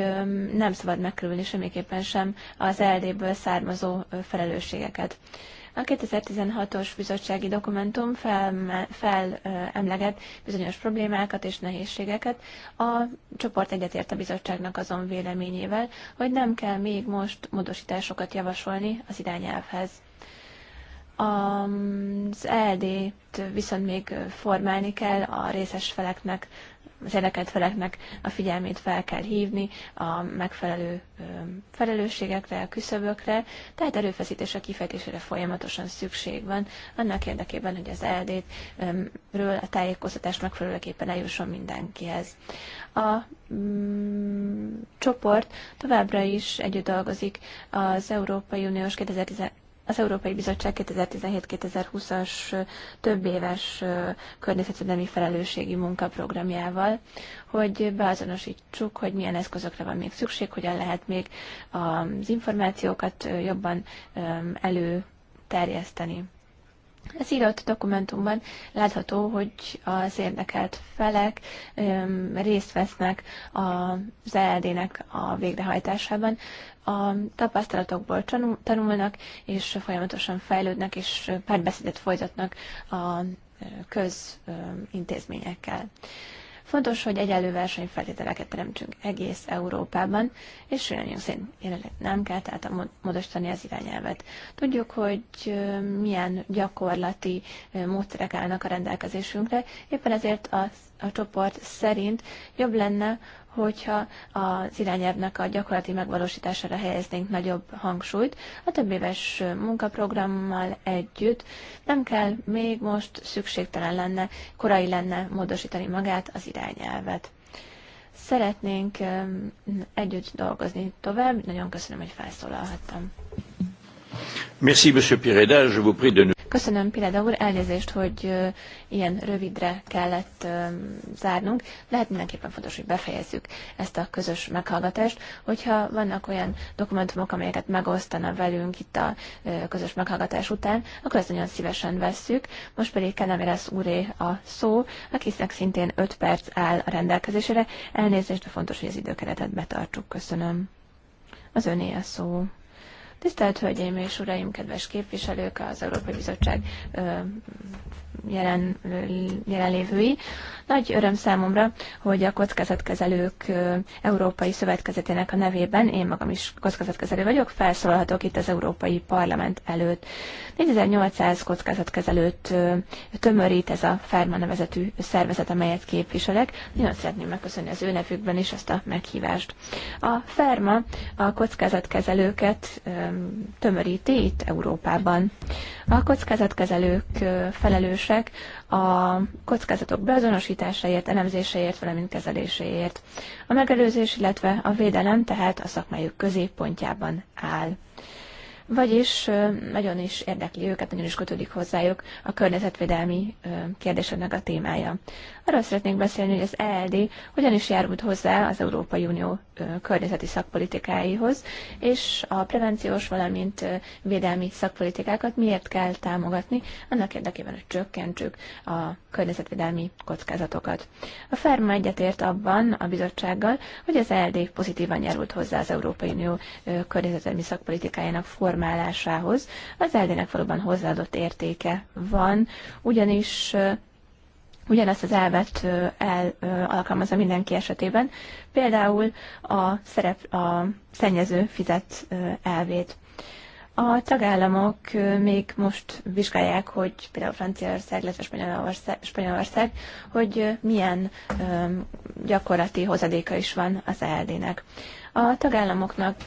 nem szabad megkerülni semmiképpen sem az LD-ből származó felelősségeket. A 2016-os bizottsági dokumentum felemleget fel, bizonyos problémákat és nehézségeket. A csoport egyetért a bizottságnak azon véleményével, hogy nem kell még most módosításokat javasolni az irányelvhez. Az ld viszont még formálni kell a részes feleknek az érdekelt feleknek a figyelmét fel kell hívni a megfelelő felelősségekre, a küszöbökre, tehát erőfeszítésre, kifejtésére folyamatosan szükség van, annak érdekében, hogy az eldétről ről a tájékoztatás megfelelőképpen eljusson mindenkihez. A mm, csoport továbbra is együtt dolgozik az Európai Uniós 2010 az Európai Bizottság 2017-2020-as több éves környezetvédelmi felelősségi munkaprogramjával, hogy beazonosítsuk, hogy milyen eszközökre van még szükség, hogyan lehet még az információkat jobban előterjeszteni. Az írott dokumentumban látható, hogy az érdekelt felek öm, részt vesznek az ELD-nek a végrehajtásában, a tapasztalatokból tanulnak, és folyamatosan fejlődnek, és párbeszédet folytatnak a közintézményekkel. Fontos, hogy egyenlő versenyfeltételeket teremtsünk egész Európában, és véleményünk szerint jelenleg nem kell, tehát a módosítani az irányelvet. Tudjuk, hogy milyen gyakorlati módszerek állnak a rendelkezésünkre, éppen ezért az a csoport szerint jobb lenne, hogyha az irányelvnek a gyakorlati megvalósítására helyeznénk nagyobb hangsúlyt, a több éves munkaprogrammal együtt nem kell, még most szükségtelen lenne, korai lenne módosítani magát az irányelvet. Szeretnénk együtt dolgozni tovább, nagyon köszönöm, hogy felszólalhattam. Merci, Monsieur Pireda, je vous prie de Köszönöm, Pileda úr, elnézést, hogy ilyen rövidre kellett zárnunk. Lehet mindenképpen fontos, hogy befejezzük ezt a közös meghallgatást. Hogyha vannak olyan dokumentumok, amelyeket megosztana velünk itt a közös meghallgatás után, akkor ezt nagyon szívesen vesszük. Most pedig lesz úré a szó, akinek szintén 5 perc áll a rendelkezésére. Elnézést, de fontos, hogy az időkeretet betartsuk. Köszönöm. Az öné a szó. Tisztelt Hölgyeim és Uraim, kedves képviselők, az Európai Bizottság jelen, jelenlévői. Nagy öröm számomra, hogy a Kockázatkezelők Európai Szövetkezetének a nevében, én magam is kockázatkezelő vagyok, felszólalhatok itt az Európai Parlament előtt. 4800 kockázatkezelőt tömörít ez a Ferma nevezetű szervezet, amelyet képviselek. Nagyon szeretném megköszönni az ő nevükben is ezt a meghívást. A Ferma a kockázatkezelőket tömöríti itt Európában. A kockázatkezelők felelősek a kockázatok beazonosításáért, elemzéseért, valamint kezeléséért. A megelőzés, illetve a védelem tehát a szakmájuk középpontjában áll vagyis nagyon is érdekli őket, nagyon is kötődik hozzájuk a környezetvédelmi kérdéseknek a témája. Arról szeretnénk beszélni, hogy az ELD hogyan is járult hozzá az Európai Unió környezeti szakpolitikáihoz, és a prevenciós, valamint védelmi szakpolitikákat miért kell támogatni, annak érdekében, hogy csökkentsük a környezetvédelmi kockázatokat. A Ferma egyetért abban a bizottsággal, hogy az ELD pozitívan járult hozzá az Európai Unió környezetvédelmi szakpolitikájának formálásához. Az ELD-nek valóban hozzáadott értéke van, ugyanis ugyanezt az elvet el, alkalmazza mindenki esetében, például a, szerep, a szennyező fizet elvét. A tagállamok még most vizsgálják, hogy például Franciaország, illetve Spanyolország, Spanyolország hogy milyen gyakorlati hozadéka is van az ELD-nek. A tagállamoknak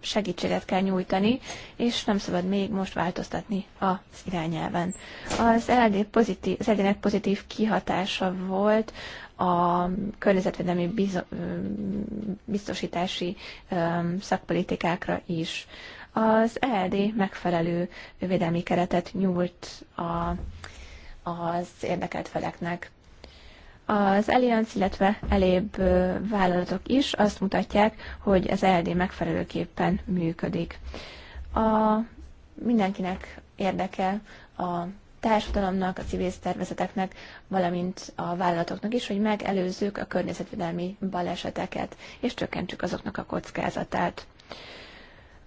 segítséget kell nyújtani, és nem szabad még most változtatni az irányelven. Az LD pozitív, az LD-nek pozitív kihatása volt a környezetvédelmi bizo- biztosítási szakpolitikákra is. Az LD megfelelő védelmi keretet nyújt a, az érdekelt feleknek. Az Allianz, illetve elébb vállalatok is azt mutatják, hogy az LD megfelelőképpen működik. A mindenkinek érdeke a társadalomnak, a civil szervezeteknek, valamint a vállalatoknak is, hogy megelőzzük a környezetvédelmi baleseteket, és csökkentsük azoknak a kockázatát.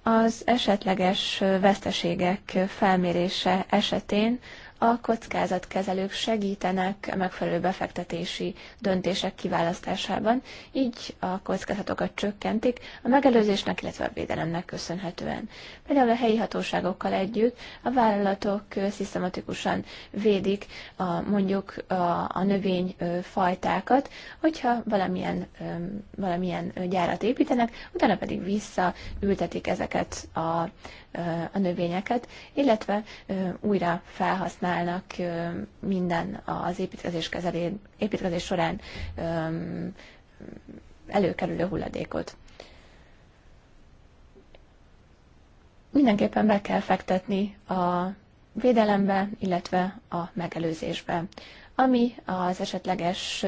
Az esetleges veszteségek felmérése esetén a kockázatkezelők segítenek a megfelelő befektetési döntések kiválasztásában, így a kockázatokat csökkentik a megelőzésnek, illetve a védelemnek köszönhetően. Például a helyi hatóságokkal együtt a vállalatok szisztematikusan védik a, mondjuk a, a fajtákat hogyha valamilyen, valamilyen gyárat építenek, utána pedig visszaültetik ezeket a a növényeket, illetve újra felhasználnak minden az építkezés, kezelé, építkezés során előkerülő hulladékot. Mindenképpen be kell fektetni a védelembe, illetve a megelőzésbe ami az esetleges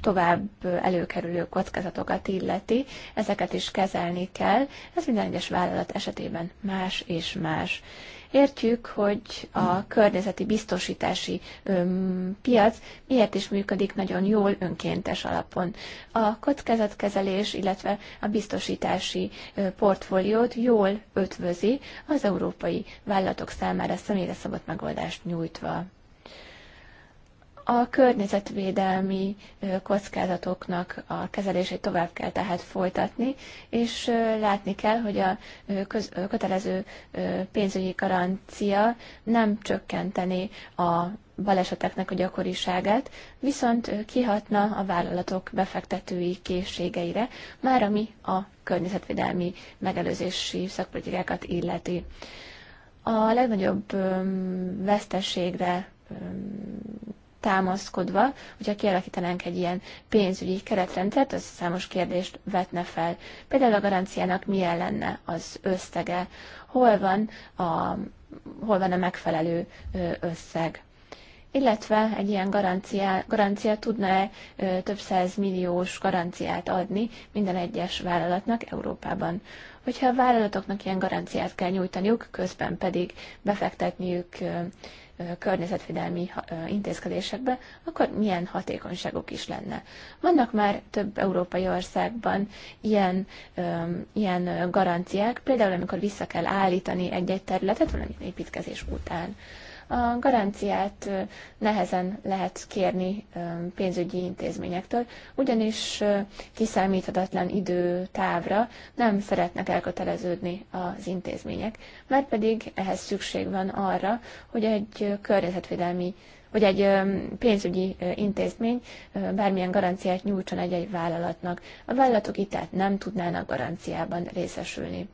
tovább előkerülő kockázatokat illeti, ezeket is kezelni kell. Ez minden egyes vállalat esetében más és más. Értjük, hogy a környezeti biztosítási öm, piac miért is működik nagyon jól önkéntes alapon. A kockázatkezelés, illetve a biztosítási ö, portfóliót jól ötvözi az európai vállalatok számára személyre szabott megoldást nyújtva. A környezetvédelmi kockázatoknak a kezelését tovább kell tehát folytatni, és látni kell, hogy a kötelező pénzügyi garancia nem csökkenteni a baleseteknek a gyakoriságát, viszont kihatna a vállalatok befektetői készségeire, már ami a környezetvédelmi megelőzési szakpolitikákat illeti. A legnagyobb veszteségre támaszkodva, hogyha kialakítanánk egy ilyen pénzügyi keretrendet, az számos kérdést vetne fel. Például a garanciának milyen lenne az összege, hol van a, hol van a megfelelő összeg illetve egy ilyen garancia, garancia tudna-e több száz milliós garanciát adni minden egyes vállalatnak Európában. Hogyha a vállalatoknak ilyen garanciát kell nyújtaniuk, közben pedig befektetniük környezetvédelmi intézkedésekbe, akkor milyen hatékonyságok is lenne. Vannak már több európai országban ilyen, ilyen garanciák, például amikor vissza kell állítani egy-egy területet valamilyen építkezés után. A garanciát nehezen lehet kérni pénzügyi intézményektől, ugyanis kiszámíthatatlan időtávra nem szeretnek elköteleződni az intézmények, mert pedig ehhez szükség van arra, hogy egy környezetvédelmi hogy egy pénzügyi intézmény bármilyen garanciát nyújtson egy-egy vállalatnak. A vállalatok itt tehát nem tudnának garanciában részesülni.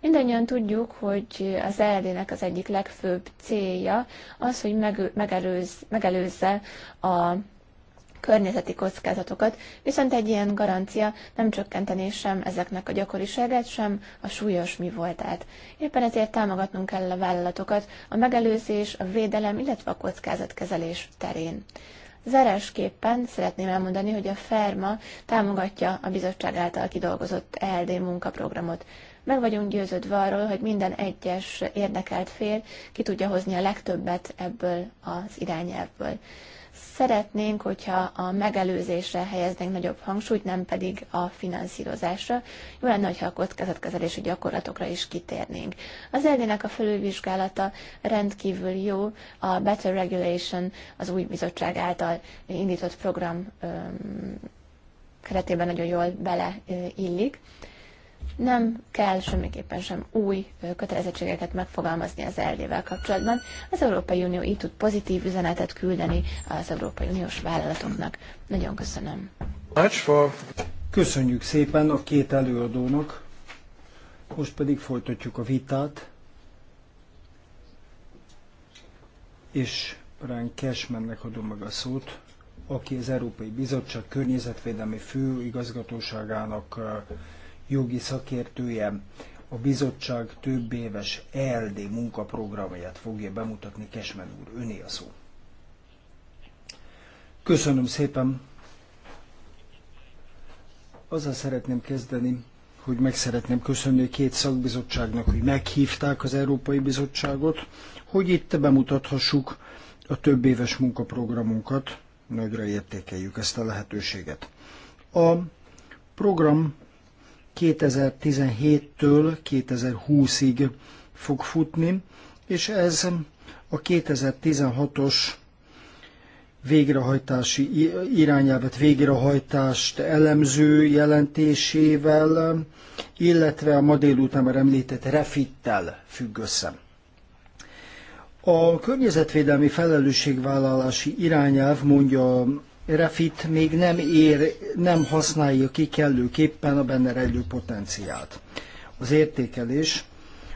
Mindannyian tudjuk, hogy az ELD-nek az egyik legfőbb célja az, hogy megelőz, megelőzze a környezeti kockázatokat, viszont egy ilyen garancia nem csökkenteni sem ezeknek a gyakoriságát, sem a súlyos mi voltát. Éppen ezért támogatnunk kell a vállalatokat a megelőzés, a védelem, illetve a kockázatkezelés terén. Zeresképpen szeretném elmondani, hogy a Ferma támogatja a bizottság által kidolgozott ELD munkaprogramot. Meg vagyunk győződve arról, hogy minden egyes érdekelt fél ki tudja hozni a legtöbbet ebből az irányelvből. Szeretnénk, hogyha a megelőzésre helyeznénk nagyobb hangsúlyt, nem pedig a finanszírozásra. Jó lenne, hogyha a kockázatkezelési gyakorlatokra is kitérnénk. Az elvének a felülvizsgálata rendkívül jó, a Better Regulation az új bizottság által indított program keretében nagyon jól beleillik nem kell semmiképpen sem új kötelezettségeket megfogalmazni az elvével kapcsolatban. Az Európai Unió így tud pozitív üzenetet küldeni az Európai Uniós vállalatoknak. Nagyon köszönöm. Köszönjük szépen a két előadónak. Most pedig folytatjuk a vitát. És Rán Cashmannek adom meg a szót, aki az Európai Bizottság Környezetvédelmi Főigazgatóságának uh, jogi szakértője a bizottság több éves ELD munkaprogramját fogja bemutatni. Kesmen úr, öné a szó. Köszönöm szépen. Azzal szeretném kezdeni, hogy meg szeretném köszönni a két szakbizottságnak, hogy meghívták az Európai Bizottságot, hogy itt bemutathassuk a több éves munkaprogramunkat. Nagyra értékeljük ezt a lehetőséget. A program 2017-től 2020-ig fog futni, és ez a 2016-os végrehajtási irányelvet végrehajtást elemző jelentésével, illetve a ma délután már említett refittel függ össze. A környezetvédelmi felelősségvállalási irányelv, mondja refit még nem, ér, nem használja ki kellőképpen a benne rejlő potenciált. Az értékelés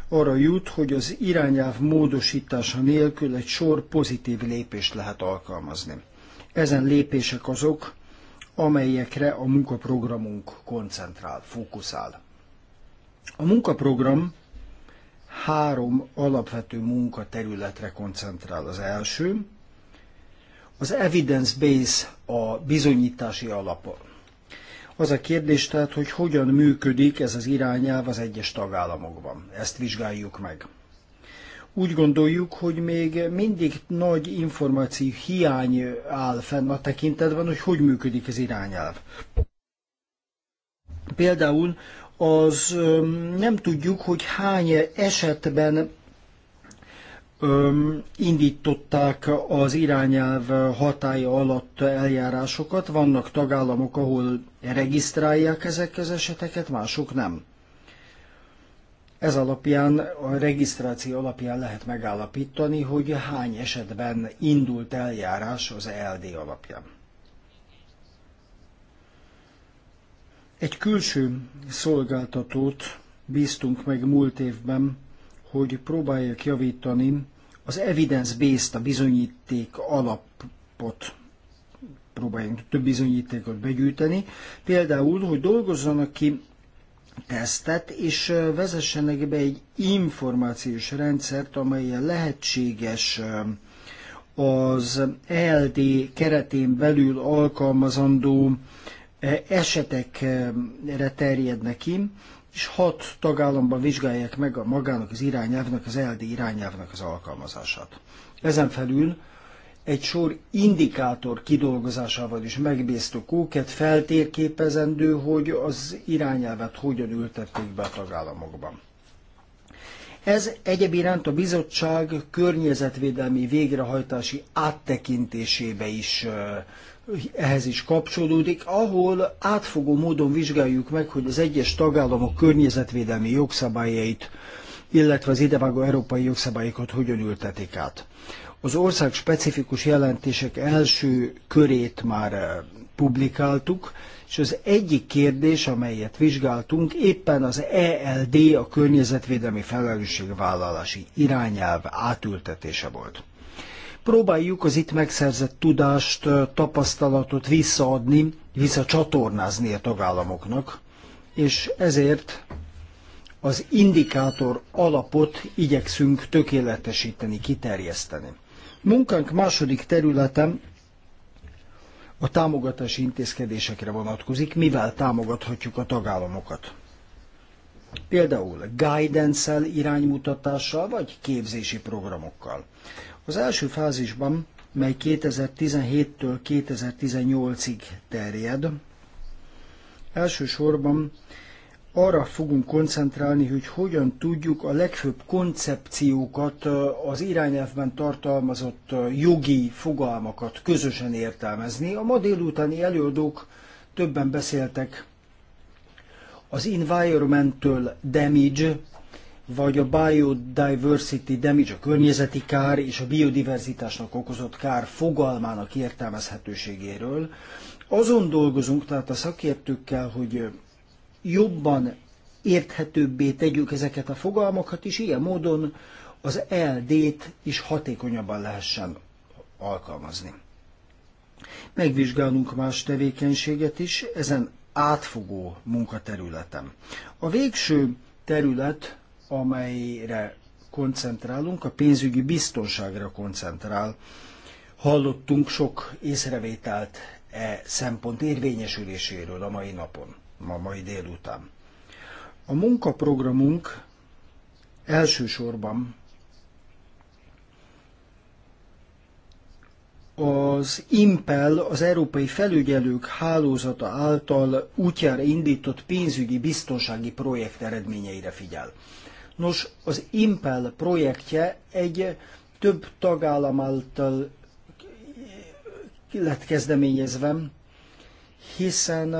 arra jut, hogy az irányelv módosítása nélkül egy sor pozitív lépést lehet alkalmazni. Ezen lépések azok, amelyekre a munkaprogramunk koncentrál, fókuszál. A munkaprogram három alapvető munkaterületre koncentrál. Az első, az evidence base a bizonyítási alap. Az a kérdés tehát, hogy hogyan működik ez az irányelv az egyes tagállamokban. Ezt vizsgáljuk meg. Úgy gondoljuk, hogy még mindig nagy információ hiány áll fenn a tekintetben, hogy hogy működik az irányelv. Például az nem tudjuk, hogy hány esetben indították az irányelv hatája alatt eljárásokat. Vannak tagállamok, ahol regisztrálják ezek az eseteket, mások nem. Ez alapján, a regisztráció alapján lehet megállapítani, hogy hány esetben indult eljárás az ELD alapján. Egy külső szolgáltatót bíztunk meg múlt évben, hogy próbálják javítani az evidence-based, a bizonyíték alapot próbáljunk több bizonyítékot begyűjteni. Például, hogy dolgozzanak ki tesztet, és vezessenek be egy információs rendszert, amelyen lehetséges az ELD keretén belül alkalmazandó esetekre terjedne ki, és hat tagállamban vizsgálják meg a magának az irányelvnek, az LD irányelvnek az alkalmazását. Ezen felül egy sor indikátor kidolgozásával is megbíztuk őket, feltérképezendő, hogy az irányelvet hogyan ültették be a tagállamokban. Ez egyéb iránt a bizottság környezetvédelmi végrehajtási áttekintésébe is ehhez is kapcsolódik, ahol átfogó módon vizsgáljuk meg, hogy az egyes tagállamok környezetvédelmi jogszabályait, illetve az idevágó európai jogszabályokat hogyan ültetik át. Az ország specifikus jelentések első körét már eh, publikáltuk, és az egyik kérdés, amelyet vizsgáltunk, éppen az ELD, a környezetvédelmi felelősségvállalási irányelv átültetése volt. Próbáljuk az itt megszerzett tudást, tapasztalatot visszaadni, visszacsatornázni a tagállamoknak, és ezért az indikátor alapot igyekszünk tökéletesíteni, kiterjeszteni. Munkánk második területen a támogatási intézkedésekre vonatkozik, mivel támogathatjuk a tagállamokat. Például guidance-el iránymutatással vagy képzési programokkal. Az első fázisban, mely 2017-től 2018-ig terjed, elsősorban arra fogunk koncentrálni, hogy hogyan tudjuk a legfőbb koncepciókat, az irányelvben tartalmazott jogi fogalmakat közösen értelmezni. A ma délutáni előadók többen beszéltek az environmental damage vagy a biodiversity damage, a környezeti kár és a biodiverzitásnak okozott kár fogalmának értelmezhetőségéről. Azon dolgozunk, tehát a szakértőkkel, hogy jobban érthetőbbé tegyük ezeket a fogalmakat, és ilyen módon az LD-t is hatékonyabban lehessen alkalmazni. Megvizsgálunk más tevékenységet is ezen átfogó munkaterületem. A végső terület amelyre koncentrálunk, a pénzügyi biztonságra koncentrál. Hallottunk sok észrevételt e szempont érvényesüléséről a mai napon, ma mai délután. A munkaprogramunk elsősorban az Impel, az Európai Felügyelők Hálózata által útjára indított pénzügyi biztonsági projekt eredményeire figyel. Nos, az Impel projektje egy több tagállam által lett kezdeményezve, hiszen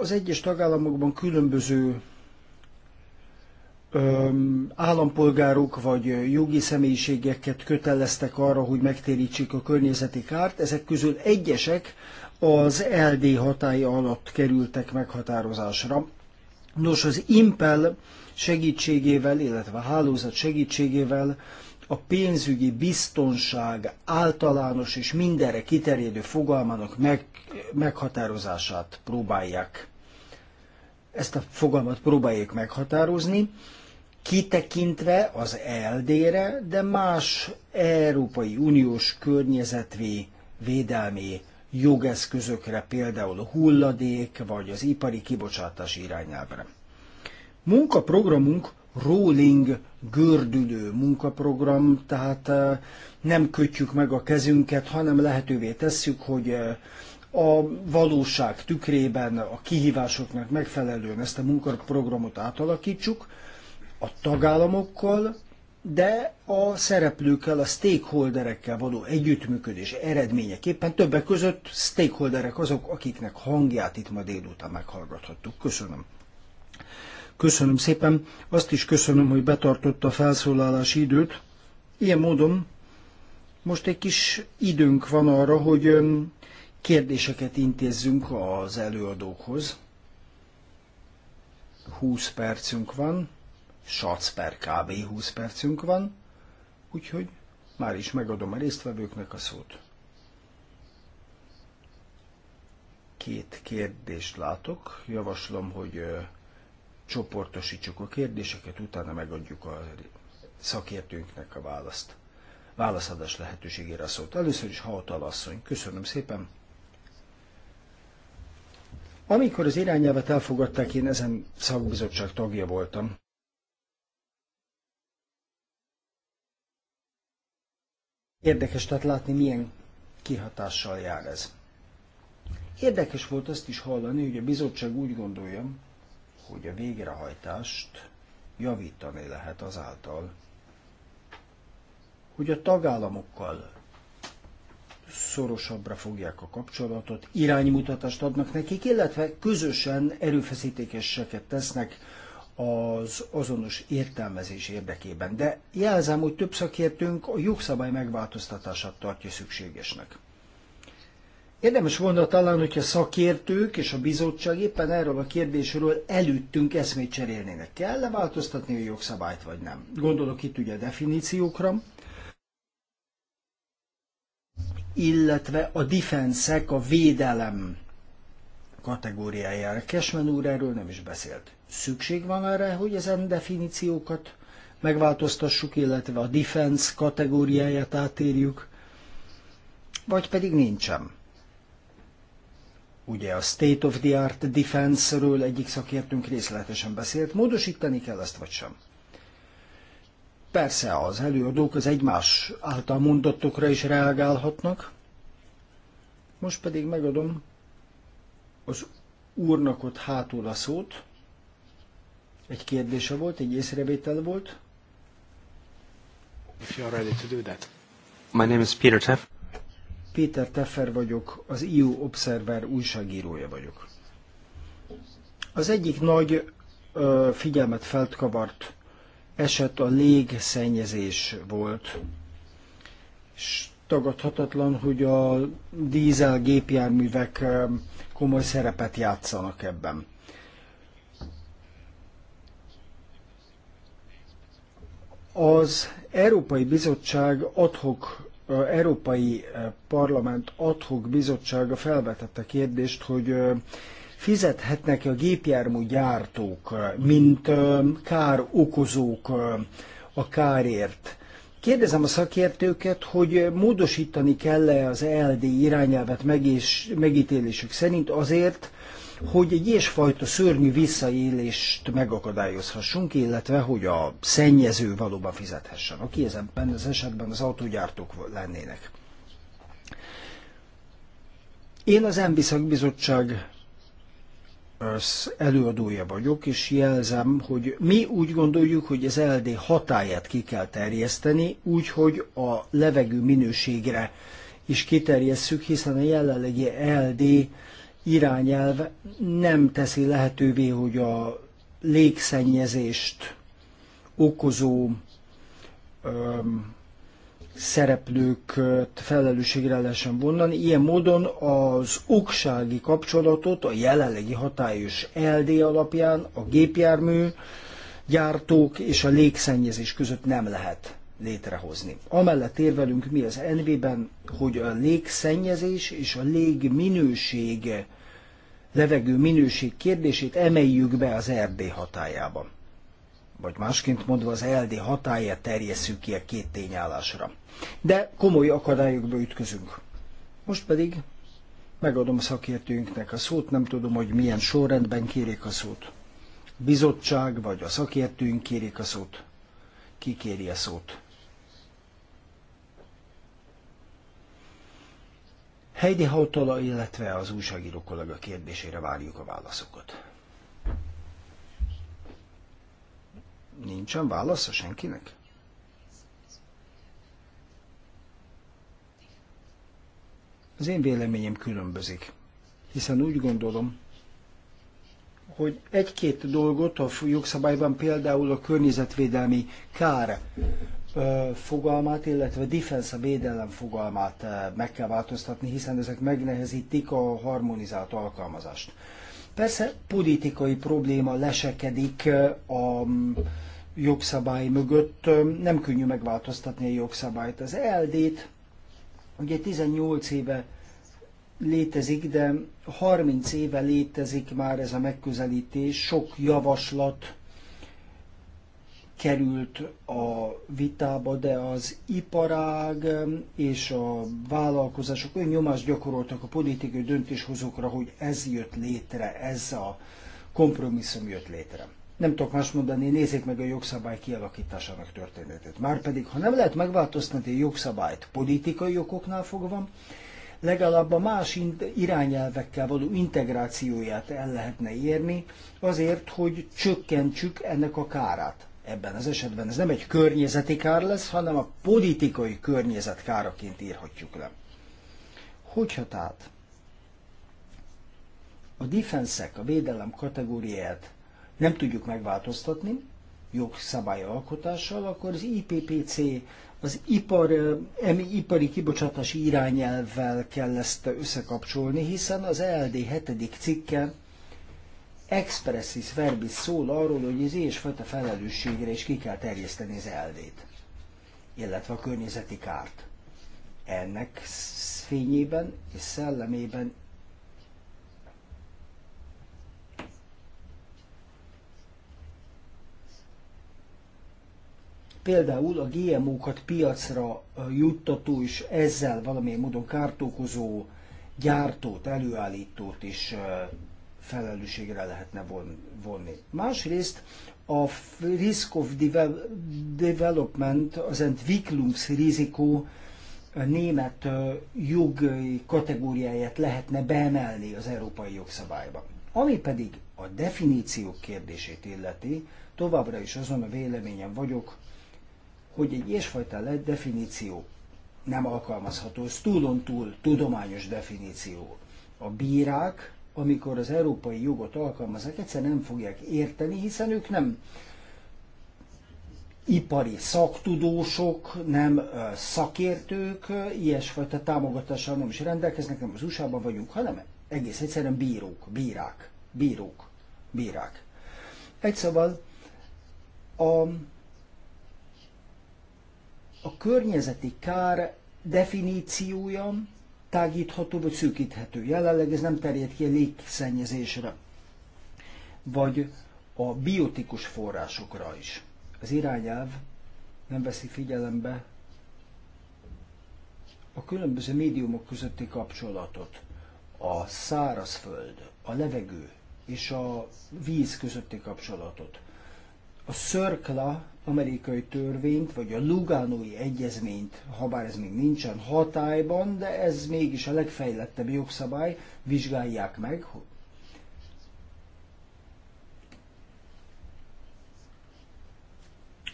az egyes tagállamokban különböző állampolgárok vagy jogi személyiségeket köteleztek arra, hogy megtérítsék a környezeti kárt. Ezek közül egyesek az LD hatája alatt kerültek meghatározásra. Nos, az Impel segítségével, illetve a hálózat segítségével a pénzügyi biztonság általános és mindenre kiterjedő fogalmának meg, meghatározását próbálják. Ezt a fogalmat próbálják meghatározni, kitekintve az ELD-re, de más Európai Uniós környezetvé védelmi jogeszközökre, például a hulladék vagy az ipari kibocsátás irányelvre. Munkaprogramunk rolling, gördülő munkaprogram, tehát e, nem kötjük meg a kezünket, hanem lehetővé tesszük, hogy e, a valóság tükrében a kihívásoknak megfelelően ezt a munkaprogramot átalakítsuk, a tagállamokkal de a szereplőkkel, a stakeholderekkel való együttműködés eredményeképpen többek között stakeholderek azok, akiknek hangját itt ma délután meghallgathattuk. Köszönöm. Köszönöm szépen. Azt is köszönöm, hogy betartotta a felszólalási időt. Ilyen módon most egy kis időnk van arra, hogy kérdéseket intézzünk az előadókhoz. 20 percünk van sac per kb. 20 percünk van, úgyhogy már is megadom a résztvevőknek a szót. Két kérdést látok, javaslom, hogy csoportosítsuk a kérdéseket, utána megadjuk a szakértőnknek a választ. Válaszadás lehetőségére szót. Először is Hautal asszony. Köszönöm szépen. Amikor az irányelvet elfogadták, én ezen szakbizottság tagja voltam. Érdekes tehát látni, milyen kihatással jár ez. Érdekes volt azt is hallani, hogy a bizottság úgy gondolja, hogy a végrehajtást javítani lehet azáltal, hogy a tagállamokkal szorosabbra fogják a kapcsolatot, iránymutatást adnak nekik, illetve közösen erőfeszítékeseket tesznek az azonos értelmezés érdekében. De jelzem, hogy több szakértőnk a jogszabály megváltoztatását tartja szükségesnek. Érdemes volna talán, hogyha szakértők és a bizottság éppen erről a kérdésről előttünk eszmét cserélnének. Kell-e változtatni a jogszabályt, vagy nem? Gondolok itt ugye a definíciókra, illetve a defenszek, a védelem kategóriájára. Cashman úr erről nem is beszélt. Szükség van erre, hogy ezen definíciókat megváltoztassuk, illetve a defense kategóriáját átérjük, vagy pedig nincsen. Ugye a State of the Art Defense-ről egyik szakértünk részletesen beszélt, módosítani kell ezt vagy sem. Persze az előadók az egymás által mondottokra is reagálhatnak, most pedig megadom az úrnak ott hátul a szót. Egy kérdése volt, egy észrevétel volt. If you are ready to do that. My name is Peter Teff. Peter Teffer vagyok, az EU Observer újságírója vagyok. Az egyik nagy ö, figyelmet feltkavart eset a légszennyezés volt. S tagadhatatlan, hogy a dízel gépjárművek komoly szerepet játszanak ebben. Az Európai Bizottság adhok Európai Parlament adhok bizottsága felvetette kérdést, hogy fizethetnek a gépjármű gyártók, mint kár okozók a kárért. Kérdezem a szakértőket, hogy módosítani kell-e az ELD irányelvet megés, megítélésük szerint azért, hogy egy ilyesfajta szörnyű visszaélést megakadályozhassunk, illetve hogy a szennyező valóban fizethessen, aki ezenben az esetben az autógyártók lennének. Én az Embiszak Bizottság előadója vagyok, és jelzem, hogy mi úgy gondoljuk, hogy az LD hatáját ki kell terjeszteni, úgy, hogy a levegő minőségre is kiterjesszük, hiszen a jelenlegi LD irányelv nem teszi lehetővé, hogy a légszennyezést okozó öm, szereplőköt felelősségre lehessen vonnani. Ilyen módon az oksági kapcsolatot a jelenlegi hatályos LD alapján a gépjármű gyártók és a légszennyezés között nem lehet létrehozni. Amellett érvelünk mi az nb ben hogy a légszennyezés és a légminőség, levegő minőség kérdését emeljük be az RD hatájában vagy másként mondva az LD hatája terjesszük ki a két tényállásra. De komoly akadályokba ütközünk. Most pedig megadom a szakértőinknek a szót, nem tudom, hogy milyen sorrendben kérik a szót. Bizottság vagy a szakértőink kérik a szót. Ki kéri a szót? Heidi Hautala, illetve az újságíró kollega kérdésére várjuk a válaszokat. Nincsen válasza senkinek? Az én véleményem különbözik, hiszen úgy gondolom, hogy egy-két dolgot a jogszabályban például a környezetvédelmi kár fogalmát, illetve defense a védelem fogalmát meg kell változtatni, hiszen ezek megnehezítik a harmonizált alkalmazást. Persze politikai probléma lesekedik a jogszabály mögött, nem könnyű megváltoztatni a jogszabályt. Az ELD-t ugye 18 éve létezik, de 30 éve létezik már ez a megközelítés, sok javaslat került a vitába, de az iparág és a vállalkozások olyan nyomást gyakoroltak a politikai döntéshozókra, hogy ez jött létre, ez a kompromisszum jött létre. Nem tudok más mondani, nézzék meg a jogszabály kialakításának történetét. Márpedig, ha nem lehet megváltoztatni a jogszabályt politikai okoknál fogva, legalább a más irányelvekkel való integrációját el lehetne érni, azért, hogy csökkentsük ennek a kárát ebben az esetben ez nem egy környezeti kár lesz, hanem a politikai környezet káraként írhatjuk le. Hogyha tehát a defenszek, a védelem kategóriáját nem tudjuk megváltoztatni, jogszabály alkotással, akkor az IPPC, az ipar, eh, ipari kibocsátási irányelvvel kell ezt összekapcsolni, hiszen az LD 7. cikke expressis verbis szól arról, hogy az fajta felelősségre is ki kell terjeszteni az eldét, illetve a környezeti kárt. Ennek fényében és szellemében például a GMO-kat piacra juttató és ezzel valamilyen módon kárt okozó gyártót, előállítót is felelősségre lehetne vonni. Másrészt a risk of development, az Entwicklungsrisiko német jog kategóriáját lehetne beemelni az európai jogszabályba. Ami pedig a definíciók kérdését illeti, továbbra is azon a véleményen vagyok, hogy egy ilyesfajta definíció nem alkalmazható, ez túlon túl tudományos definíció. A bírák amikor az európai jogot alkalmaznak, egyszerűen nem fogják érteni, hiszen ők nem ipari szaktudósok, nem szakértők, ilyesfajta támogatással nem is rendelkeznek, nem az USA-ban vagyunk, hanem egész egyszerűen bírók, bírák, bírók, bírák. Egy szóval a, a környezeti kár definíciója tágítható vagy szűkíthető. Jelenleg ez nem terjed ki a légszennyezésre, vagy a biotikus forrásokra is. Az irányelv nem veszi figyelembe a különböző médiumok közötti kapcsolatot, a szárazföld, a levegő és a víz közötti kapcsolatot. A szörkla amerikai törvényt, vagy a Lugánói Egyezményt, ha bár ez még nincsen hatályban, de ez mégis a legfejlettebb jogszabály, vizsgálják meg,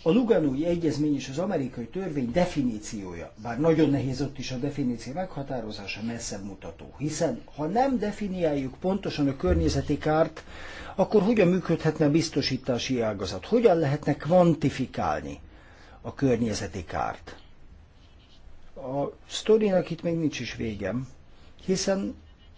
A Luganói Egyezmény és az amerikai törvény definíciója, bár nagyon nehéz ott is a definíció meghatározása, messze mutató. Hiszen ha nem definiáljuk pontosan a környezeti kárt, akkor hogyan működhetne a biztosítási ágazat? Hogyan lehetne kvantifikálni a környezeti kárt? A sztorinak itt még nincs is végem, hiszen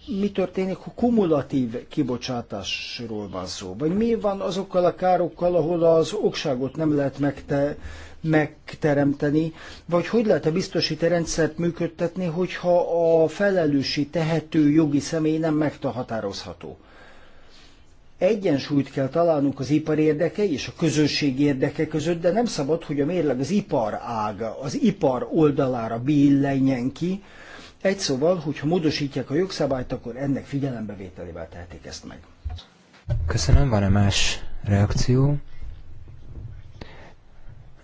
mi történik, ha kumulatív kibocsátásról van szó? Vagy mi van azokkal a károkkal, ahol az okságot nem lehet megte, megteremteni? Vagy hogy lehet a biztosíti rendszert működtetni, hogyha a felelősi tehető jogi személy nem megtahatározható? Egyensúlyt kell találnunk az ipar érdekei és a közösség érdeke között, de nem szabad, hogy a mérleg az ipar ága, az ipar oldalára billenjen ki, egy szóval, hogyha módosítják a jogszabályt, akkor ennek figyelembevételével tehetik ezt meg. Köszönöm, van-e más reakció?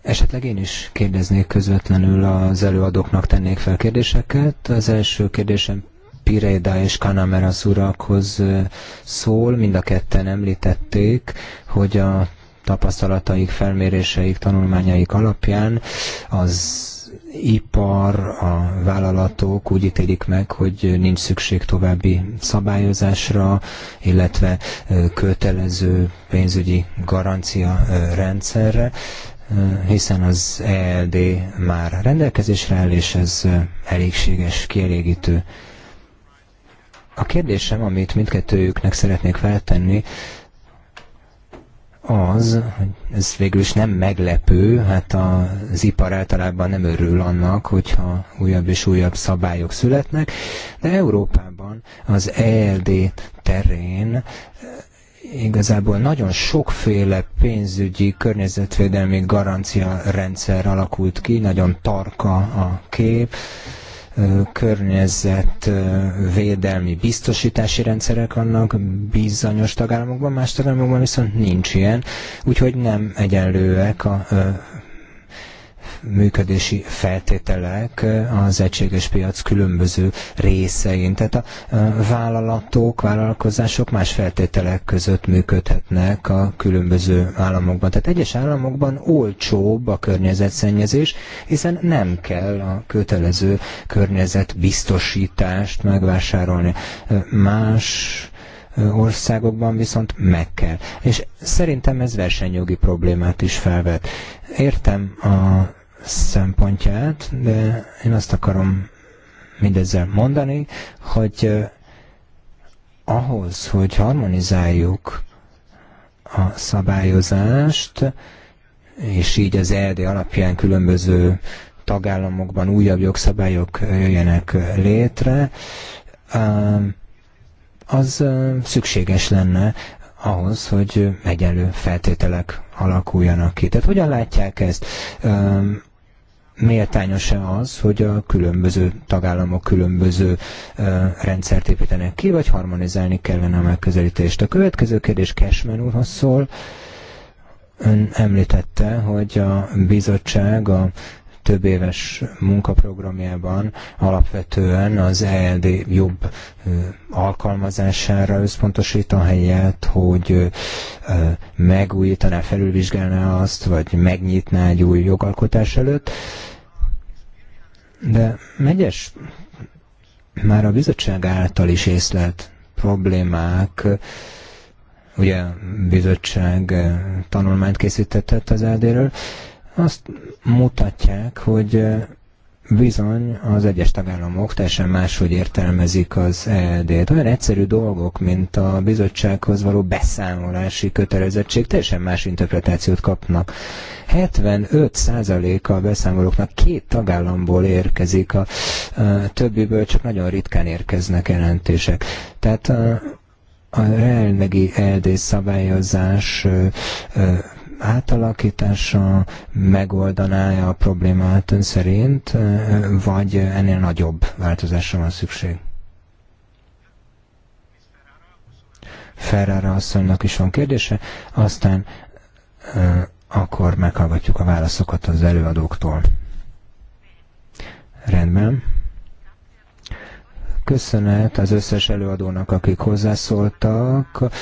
Esetleg én is kérdeznék közvetlenül az előadóknak tennék fel kérdéseket. Az első kérdésem Pireida és Kanameras urakhoz szól. Mind a ketten említették, hogy a tapasztalataik, felméréseik, tanulmányaik alapján az ipar, a vállalatok úgy ítélik meg, hogy nincs szükség további szabályozásra, illetve kötelező pénzügyi garancia rendszerre, hiszen az ELD már rendelkezésre áll, és ez elégséges, kielégítő. A kérdésem, amit mindkettőjüknek szeretnék feltenni, az, hogy ez végül is nem meglepő, hát az ipar általában nem örül annak, hogyha újabb és újabb szabályok születnek, de Európában az ELD terén eh, igazából nagyon sokféle pénzügyi, környezetvédelmi garancia rendszer alakult ki, nagyon tarka a kép, környezetvédelmi biztosítási rendszerek vannak bizonyos tagállamokban, más tagállamokban viszont nincs ilyen, úgyhogy nem egyenlőek a működési feltételek eh, az egységes piac különböző részein. Tehát a vállalatok, vállalkozások más feltételek között működhetnek a különböző államokban. Tehát egyes államokban olcsóbb a környezetszennyezés, hiszen nem kell a kötelező környezetbiztosítást megvásárolni. Eh, más eh, országokban viszont meg kell. És szerintem ez versenyjogi problémát is felvet. Értem a szempontját, de én azt akarom mindezzel mondani, hogy ahhoz, hogy harmonizáljuk a szabályozást, és így az ED alapján különböző tagállamokban újabb jogszabályok jöjjenek létre, az szükséges lenne ahhoz, hogy egyenlő feltételek alakuljanak ki. Tehát hogyan látják ezt? méltányos-e az, hogy a különböző tagállamok különböző rendszert építenek ki, vagy harmonizálni kellene a megközelítést. A következő kérdés Cashman úrhoz szól. Ön említette, hogy a bizottság a több éves munkaprogramjában alapvetően az ELD jobb alkalmazására összpontosít, helyet, hogy megújítaná, felülvizsgálná azt, vagy megnyitná egy új jogalkotás előtt. De megyes már a bizottság által is észlelt problémák, ugye a bizottság tanulmányt készítettett az e ld azt mutatják, hogy bizony az egyes tagállamok teljesen máshogy értelmezik az EED-t. Olyan egyszerű dolgok, mint a bizottsághoz való beszámolási kötelezettség, teljesen más interpretációt kapnak. 75%-a a beszámolóknak két tagállamból érkezik, a, többiből csak nagyon ritkán érkeznek jelentések. Tehát a, a jelenlegi ELD szabályozás átalakítása megoldaná a problémát ön szerint, vagy ennél nagyobb változásra van szükség? Ferrara asszonynak is van kérdése, aztán akkor meghallgatjuk a válaszokat az előadóktól. Rendben. Köszönet az összes előadónak, akik hozzászóltak.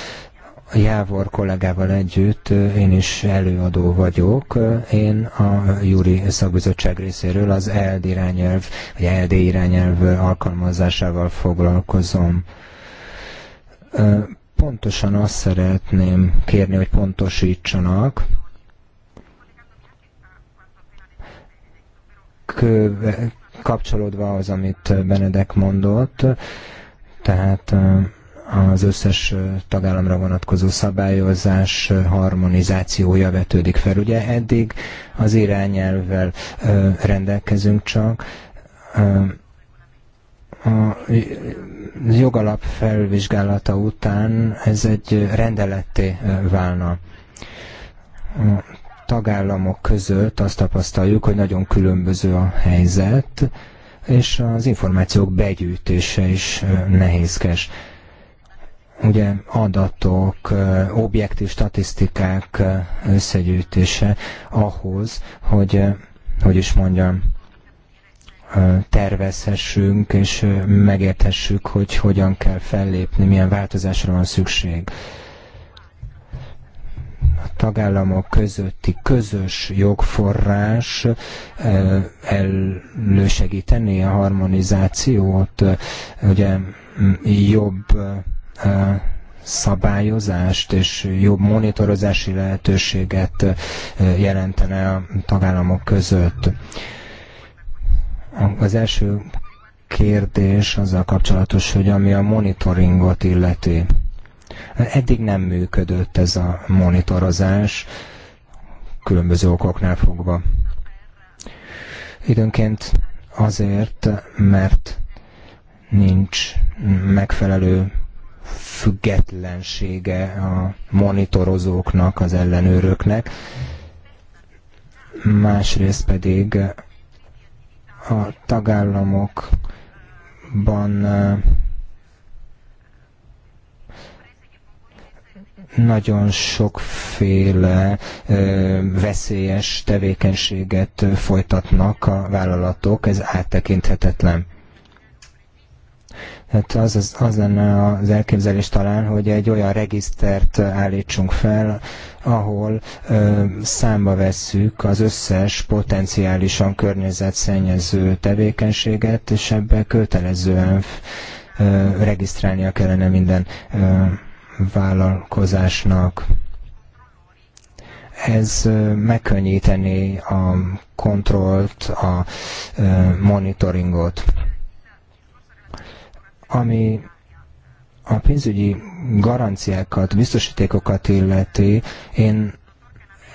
Jávor kollégával együtt én is előadó vagyok. Én a Júri Szakbizottság részéről az ELD irányelv, vagy ELD irányelv alkalmazásával foglalkozom. Pontosan azt szeretném kérni, hogy pontosítsanak, kapcsolódva az, amit Benedek mondott, tehát az összes tagállamra vonatkozó szabályozás harmonizációja vetődik fel. Ugye eddig az irányelvvel rendelkezünk csak, a jogalap felvizsgálata után ez egy rendeletté válna. A tagállamok között azt tapasztaljuk, hogy nagyon különböző a helyzet, és az információk begyűjtése is nehézkes ugye adatok, objektív statisztikák összegyűjtése ahhoz, hogy, hogy is mondjam, tervezhessünk és megérthessük, hogy hogyan kell fellépni, milyen változásra van szükség. A tagállamok közötti közös jogforrás elősegíteni a harmonizációt, ugye jobb szabályozást és jobb monitorozási lehetőséget jelentene a tagállamok között. Az első kérdés azzal kapcsolatos, hogy ami a monitoringot illeti. Eddig nem működött ez a monitorozás, különböző okoknál fogva. Időnként azért, mert nincs megfelelő függetlensége a monitorozóknak, az ellenőröknek, másrészt pedig a tagállamokban nagyon sokféle veszélyes tevékenységet folytatnak a vállalatok, ez áttekinthetetlen. Hát az, az, az lenne az elképzelés talán, hogy egy olyan regisztert állítsunk fel, ahol ö, számba vesszük az összes potenciálisan környezetszennyező tevékenységet, és ebbe kötelezően ö, regisztrálnia kellene minden ö, vállalkozásnak. Ez megkönnyíteni a kontrollt, a monitoringot. Ami a pénzügyi garanciákat, biztosítékokat illeti, én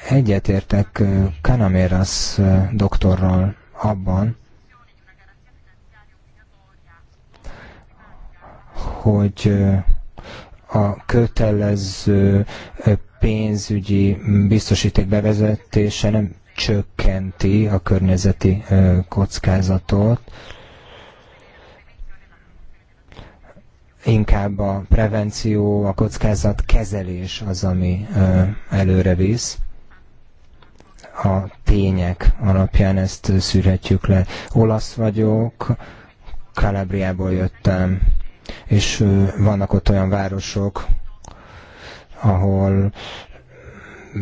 egyetértek Kanaméras doktorral abban, hogy a kötelező pénzügyi biztosíték bevezetése nem csökkenti a környezeti kockázatot, inkább a prevenció, a kezelés, az, ami előre visz a tények alapján ezt szűrhetjük le. Olasz vagyok, Kalabriából jöttem, és vannak ott olyan városok, ahol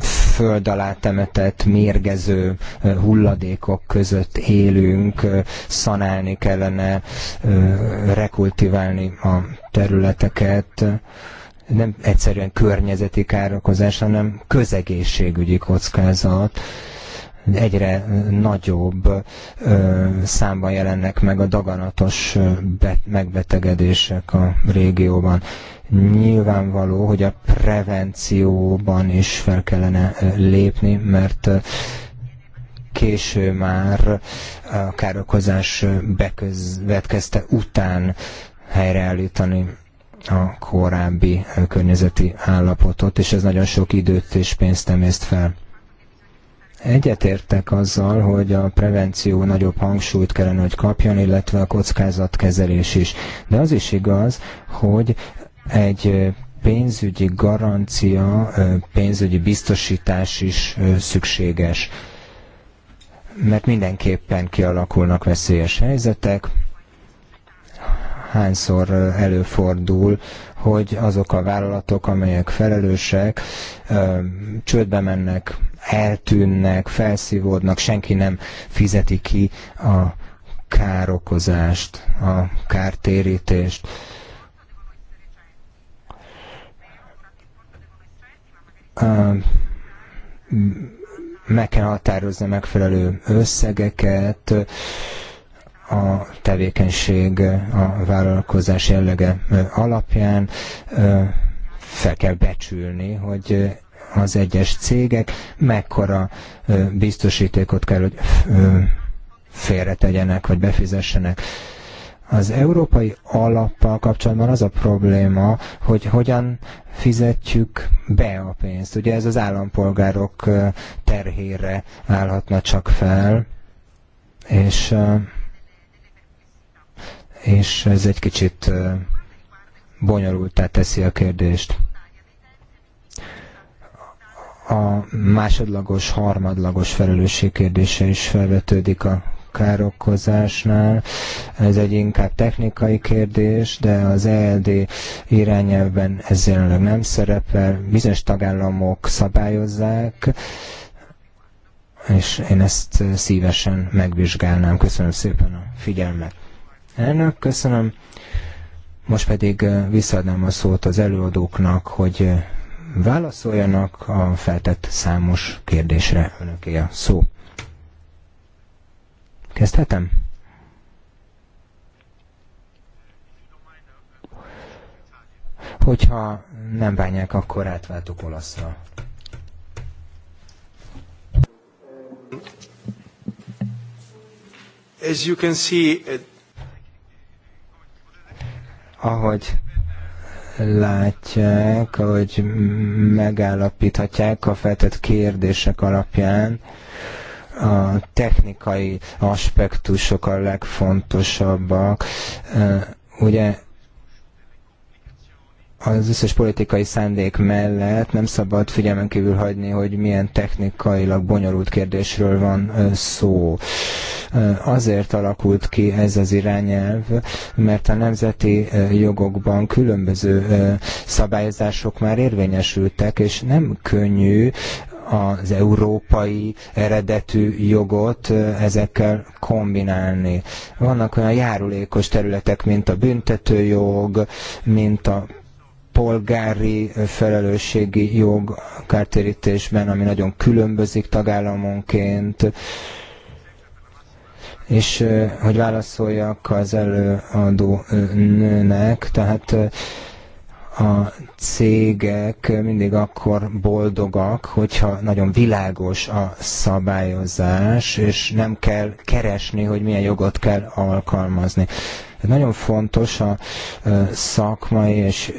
föld alá temetett mérgező hulladékok között élünk, szanálni kellene, rekultiválni a területeket. Nem egyszerűen környezeti károkozás, hanem közegészségügyi kockázat egyre nagyobb számban jelennek meg a daganatos megbetegedések a régióban. Nyilvánvaló, hogy a prevencióban is fel kellene lépni, mert késő már a károkozás bekövetkezte után helyreállítani a korábbi környezeti állapotot, és ez nagyon sok időt és pénzt emészt fel. Egyetértek azzal, hogy a prevenció nagyobb hangsúlyt kellene, hogy kapjon, illetve a kockázatkezelés is. De az is igaz, hogy egy pénzügyi garancia, pénzügyi biztosítás is szükséges. Mert mindenképpen kialakulnak veszélyes helyzetek, hányszor előfordul hogy azok a vállalatok, amelyek felelősek, csődbe mennek, eltűnnek, felszívódnak, senki nem fizeti ki a károkozást, a kártérítést. Meg kell határozni megfelelő összegeket, a tevékenység a vállalkozás jellege alapján fel kell becsülni, hogy az egyes cégek mekkora biztosítékot kell, hogy félretegyenek, vagy befizessenek. Az európai alappal kapcsolatban az a probléma, hogy hogyan fizetjük be a pénzt. Ugye ez az állampolgárok terhére állhatna csak fel, és és ez egy kicsit bonyolultá teszi a kérdést. A másodlagos, harmadlagos felelősség kérdése is felvetődik a károkozásnál. Ez egy inkább technikai kérdés, de az ELD irányelvben ez jelenleg nem szerepel. Bizonyos tagállamok szabályozzák, és én ezt szívesen megvizsgálnám. Köszönöm szépen a figyelmet. Elnök, köszönöm. Most pedig visszaadnám a szót az előadóknak, hogy válaszoljanak a feltett számos kérdésre. Önöké a szó. Kezdhetem? Hogyha nem bánják, akkor átváltok olaszra. As you can see, uh, ahogy látják, ahogy megállapíthatják a feltett kérdések alapján, a technikai aspektusok a legfontosabbak. Ugye az összes politikai szándék mellett nem szabad figyelmen kívül hagyni, hogy milyen technikailag bonyolult kérdésről van szó. Azért alakult ki ez az irányelv, mert a nemzeti jogokban különböző szabályozások már érvényesültek, és nem könnyű az európai eredetű jogot ezekkel kombinálni. Vannak olyan járulékos területek, mint a büntetőjog, mint a polgári felelősségi jog kártérítésben, ami nagyon különbözik tagállamonként, és hogy válaszoljak az előadó nőnek, tehát a cégek mindig akkor boldogak, hogyha nagyon világos a szabályozás, és nem kell keresni, hogy milyen jogot kell alkalmazni. Nagyon fontos a szakmai és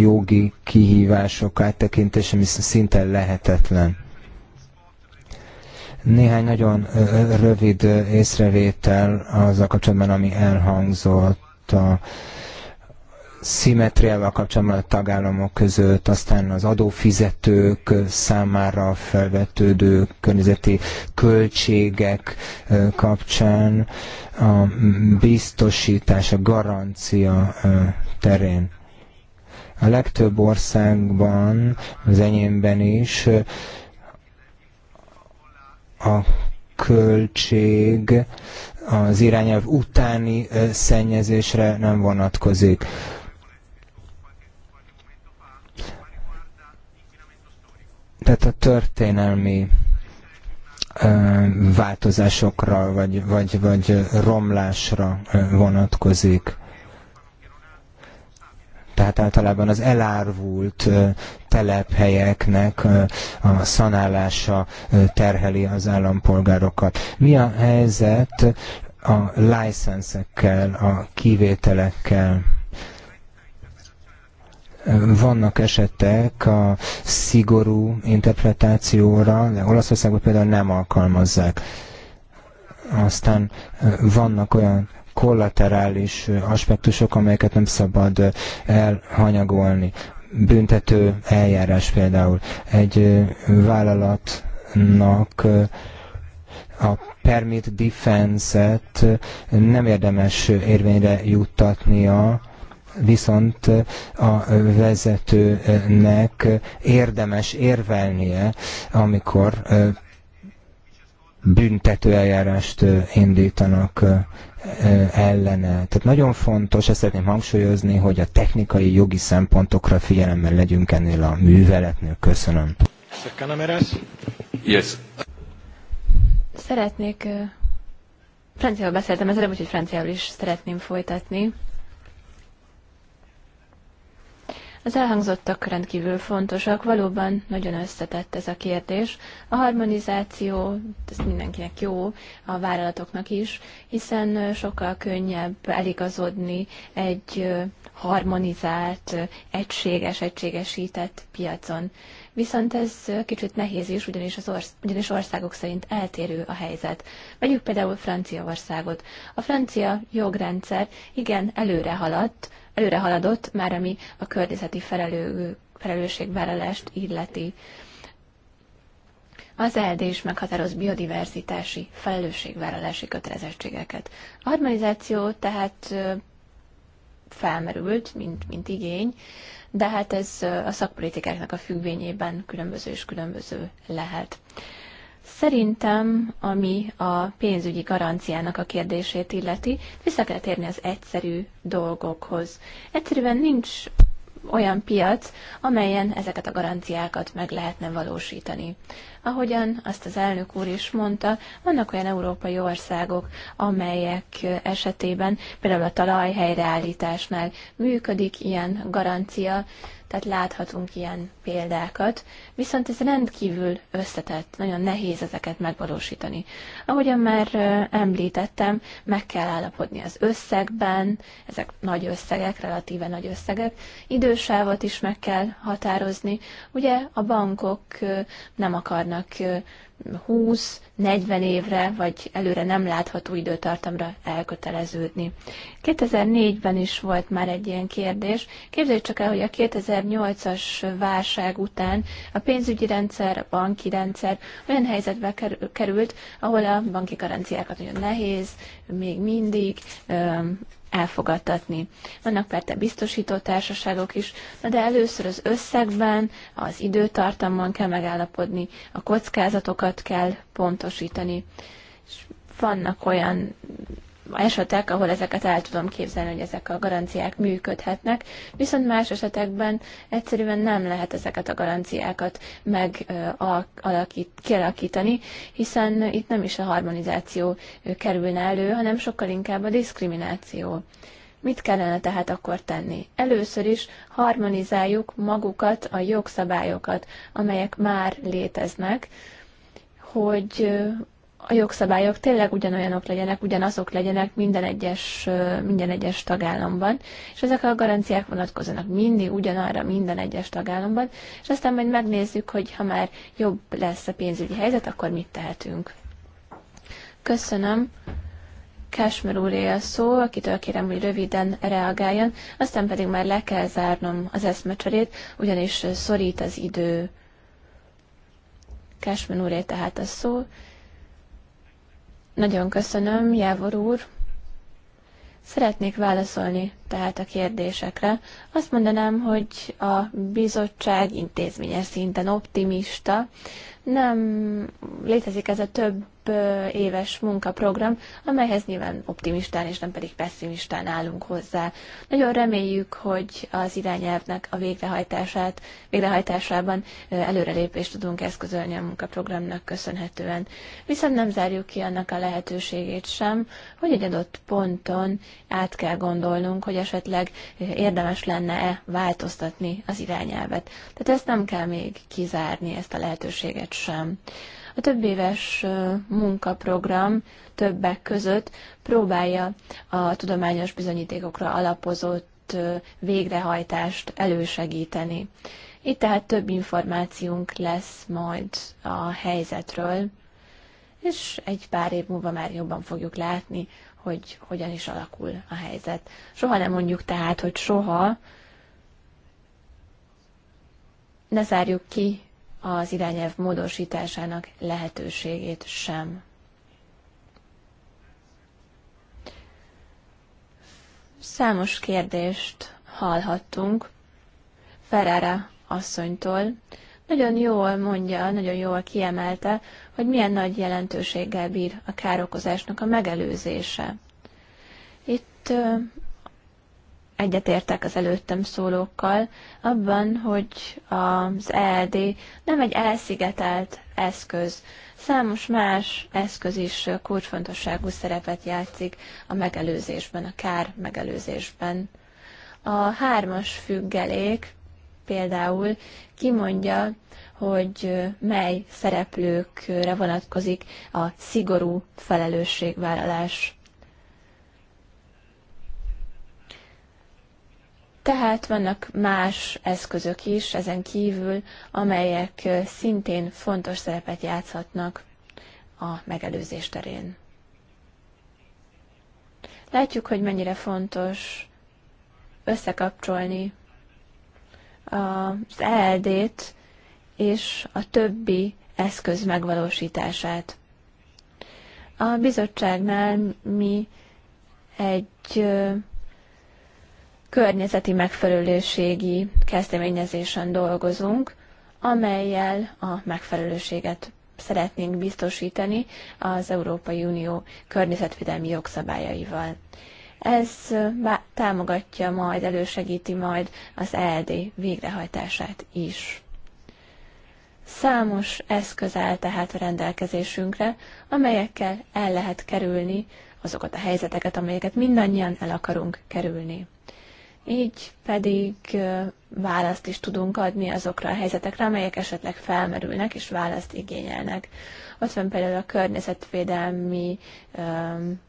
jogi kihívások áttekintése, ami szinte lehetetlen. Néhány nagyon rövid észrevétel azzal kapcsolatban, ami elhangzott a szimmetriával kapcsolatban a tagállamok között, aztán az adófizetők számára felvetődő környezeti költségek kapcsán a biztosítás, a garancia terén. A legtöbb országban, az enyémben is, a költség az irányelv utáni szennyezésre nem vonatkozik. Tehát a történelmi változásokra vagy, vagy, vagy romlásra vonatkozik. Tehát általában az elárvult telephelyeknek a szanálása terheli az állampolgárokat. Mi a helyzet a licenszekkel, a kivételekkel? Vannak esetek a szigorú interpretációra, de Olaszországban például nem alkalmazzák. Aztán eh, vannak olyan kollaterális eh, aspektusok, amelyeket nem szabad eh, elhanyagolni. Büntető eljárás például. Egy vállalatnak a permit defense-et nem érdemes érvényre juttatnia, viszont a vezetőnek érdemes érvelnie, amikor büntetőeljárást indítanak ellene. Tehát nagyon fontos, ezt szeretném hangsúlyozni, hogy a technikai jogi szempontokra figyelemmel legyünk ennél a műveletnél. Köszönöm. Yes. Szeretnék, franciául beszéltem ezzel, úgyhogy franciául is szeretném folytatni. Az elhangzottak rendkívül fontosak, valóban nagyon összetett ez a kérdés. A harmonizáció, ez mindenkinek jó, a vállalatoknak is, hiszen sokkal könnyebb eligazodni egy harmonizált, egységes, egységesített piacon. Viszont ez kicsit nehéz is, ugyanis, az orsz- ugyanis országok szerint eltérő a helyzet. Vegyük például Franciaországot. A francia jogrendszer igen előre haladt, előre haladott, már ami a környezeti felelő, felelősségvállalást illeti. Az ELD is meghatároz biodiverzitási, felelősségvállalási kötelezettségeket. A harmonizáció tehát felmerült, mint, mint igény, de hát ez a szakpolitikáknak a függvényében különböző és különböző lehet. Szerintem, ami a pénzügyi garanciának a kérdését illeti, vissza kell térni az egyszerű dolgokhoz. Egyszerűen nincs olyan piac, amelyen ezeket a garanciákat meg lehetne valósítani. Ahogyan azt az elnök úr is mondta, vannak olyan európai országok, amelyek esetében például a talajhelyreállításnál működik ilyen garancia, tehát láthatunk ilyen példákat, viszont ez rendkívül összetett, nagyon nehéz ezeket megvalósítani. Ahogyan már említettem, meg kell állapodni az összegben, ezek nagy összegek, relatíve nagy összegek, idősávot is meg kell határozni. Ugye a bankok nem akarnak 20-40 évre, vagy előre nem látható időtartamra elköteleződni. 2004-ben is volt már egy ilyen kérdés. Képzeljük csak el, hogy a 2008-as válság után a pénzügyi rendszer, a banki rendszer olyan helyzetbe került, ahol a banki garanciákat nagyon nehéz, még mindig elfogadtatni. Vannak persze biztosító társaságok is, de először az összegben, az időtartamban kell megállapodni, a kockázatokat kell pontosítani. És vannak olyan esetek, ahol ezeket el tudom képzelni, hogy ezek a garanciák működhetnek, viszont más esetekben egyszerűen nem lehet ezeket a garanciákat alakít, kialakítani, hiszen itt nem is a harmonizáció kerülne elő, hanem sokkal inkább a diszkrimináció. Mit kellene tehát akkor tenni? Először is harmonizáljuk magukat, a jogszabályokat, amelyek már léteznek, hogy a jogszabályok tényleg ugyanolyanok legyenek, ugyanazok legyenek minden egyes, minden egyes tagállamban, és ezek a garanciák vonatkozanak mindig ugyanarra minden egyes tagállamban, és aztán majd megnézzük, hogy ha már jobb lesz a pénzügyi helyzet, akkor mit tehetünk. Köszönöm. Kásmer úré a szó, akitől kérem, hogy röviden reagáljon, aztán pedig már le kell zárnom az eszmecserét, ugyanis szorít az idő. Kásmer úré tehát a szó, nagyon köszönöm, Jávor úr. Szeretnék válaszolni tehát a kérdésekre. Azt mondanám, hogy a bizottság intézményes szinten optimista. Nem létezik ez a több éves munkaprogram, amelyhez nyilván optimistán és nem pedig pessimistán állunk hozzá. Nagyon reméljük, hogy az irányelvnek a végrehajtását, végrehajtásában előrelépést tudunk eszközölni a munkaprogramnak köszönhetően. Viszont nem zárjuk ki annak a lehetőségét sem, hogy egy adott ponton át kell gondolnunk, hogy esetleg érdemes lenne-e változtatni az irányelvet. Tehát ezt nem kell még kizárni, ezt a lehetőséget sem. A több éves munkaprogram többek között próbálja a tudományos bizonyítékokra alapozott végrehajtást elősegíteni. Itt tehát több információnk lesz majd a helyzetről, és egy pár év múlva már jobban fogjuk látni, hogy hogyan is alakul a helyzet. Soha nem mondjuk tehát, hogy soha ne zárjuk ki az irányelv módosításának lehetőségét sem. Számos kérdést hallhattunk Ferrara asszonytól. Nagyon jól mondja, nagyon jól kiemelte, hogy milyen nagy jelentőséggel bír a károkozásnak a megelőzése. Itt egyetértek az előttem szólókkal abban, hogy az ELD nem egy elszigetelt eszköz. Számos más eszköz is kulcsfontosságú szerepet játszik a megelőzésben, a kár megelőzésben. A hármas függelék például kimondja, hogy mely szereplőkre vonatkozik a szigorú felelősségvállalás Tehát vannak más eszközök is ezen kívül, amelyek szintén fontos szerepet játszhatnak a megelőzés terén. Látjuk, hogy mennyire fontos összekapcsolni az ELD-t és a többi eszköz megvalósítását. A bizottságnál mi egy környezeti megfelelőségi kezdeményezésen dolgozunk, amelyel a megfelelőséget szeretnénk biztosítani az Európai Unió környezetvédelmi jogszabályaival. Ez támogatja majd, elősegíti majd az ELD végrehajtását is. Számos eszköz áll tehát a rendelkezésünkre, amelyekkel el lehet kerülni azokat a helyzeteket, amelyeket mindannyian el akarunk kerülni így pedig választ is tudunk adni azokra a helyzetekre, amelyek esetleg felmerülnek és választ igényelnek. Ott van például a környezetvédelmi um,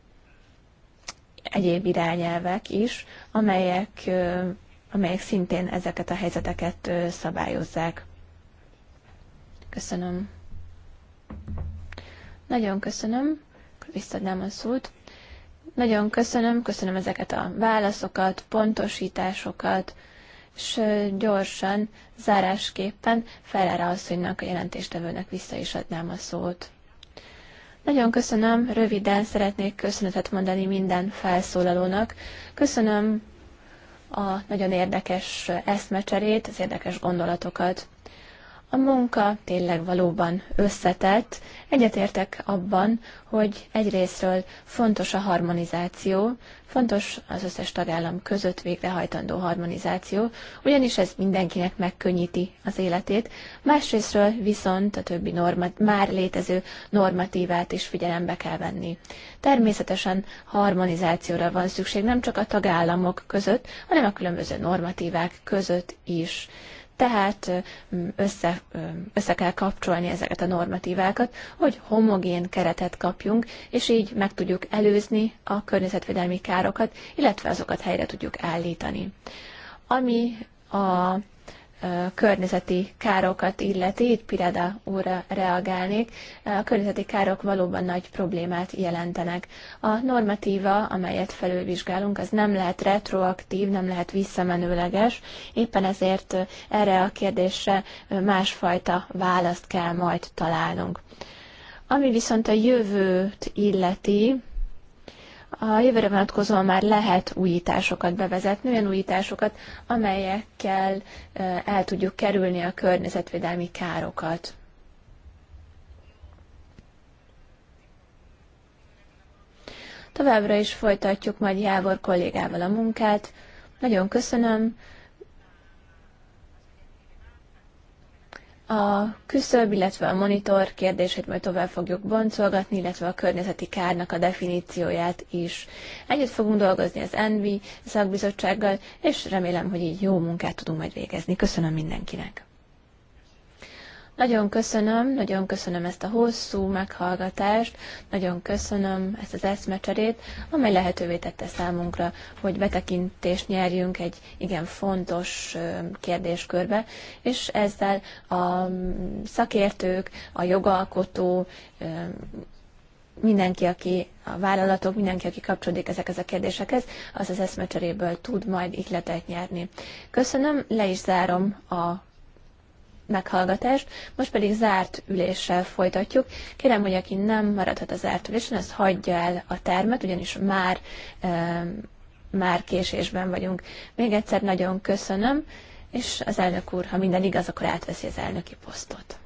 egyéb irányelvek is, amelyek, um, amelyek szintén ezeket a helyzeteket szabályozzák. Köszönöm. Nagyon köszönöm. Visszadnám a szót. Nagyon köszönöm, köszönöm ezeket a válaszokat, pontosításokat, és gyorsan, zárásképpen Ferrara asszonynak, a jelentéstevőnek vissza is adnám a szót. Nagyon köszönöm, röviden szeretnék köszönetet mondani minden felszólalónak. Köszönöm a nagyon érdekes eszmecserét, az érdekes gondolatokat. A munka tényleg valóban összetett. Egyetértek abban, hogy egyrésztről fontos a harmonizáció, fontos az összes tagállam között végrehajtandó harmonizáció, ugyanis ez mindenkinek megkönnyíti az életét. Másrésztről viszont a többi norma, már létező normatívát is figyelembe kell venni. Természetesen harmonizációra van szükség nem csak a tagállamok között, hanem a különböző normatívák között is tehát össze, össze kell kapcsolni ezeket a normatívákat, hogy homogén keretet kapjunk, és így meg tudjuk előzni a környezetvédelmi károkat, illetve azokat helyre tudjuk állítani. Ami a környezeti károkat illeti, itt Pirada úrra reagálnék, a környezeti károk valóban nagy problémát jelentenek. A normatíva, amelyet felülvizsgálunk, az nem lehet retroaktív, nem lehet visszamenőleges, éppen ezért erre a kérdésre másfajta választ kell majd találnunk. Ami viszont a jövőt illeti, a jövőre vonatkozóan már lehet újításokat bevezetni, olyan újításokat, amelyekkel el tudjuk kerülni a környezetvédelmi károkat. Továbbra is folytatjuk majd Jávor kollégával a munkát. Nagyon köszönöm, A küszöb, illetve a monitor kérdését majd tovább fogjuk boncolgatni, illetve a környezeti kárnak a definícióját is. Együtt fogunk dolgozni az ENVI szakbizottsággal, és remélem, hogy így jó munkát tudunk majd végezni. Köszönöm mindenkinek! Nagyon köszönöm, nagyon köszönöm ezt a hosszú meghallgatást, nagyon köszönöm ezt az eszmecserét, amely lehetővé tette számunkra, hogy betekintést nyerjünk egy igen fontos kérdéskörbe, és ezzel a szakértők, a jogalkotó, mindenki, aki a vállalatok, mindenki, aki kapcsolódik ezekhez a kérdésekhez, az az eszmecseréből tud majd ihletet nyerni. Köszönöm, le is zárom a meghallgatást, most pedig zárt üléssel folytatjuk. Kérem, hogy aki nem maradhat a zárt ülésen, az hagyja el a termet, ugyanis már, e, már késésben vagyunk. Még egyszer nagyon köszönöm, és az elnök úr, ha minden igaz, akkor átveszi az elnöki posztot.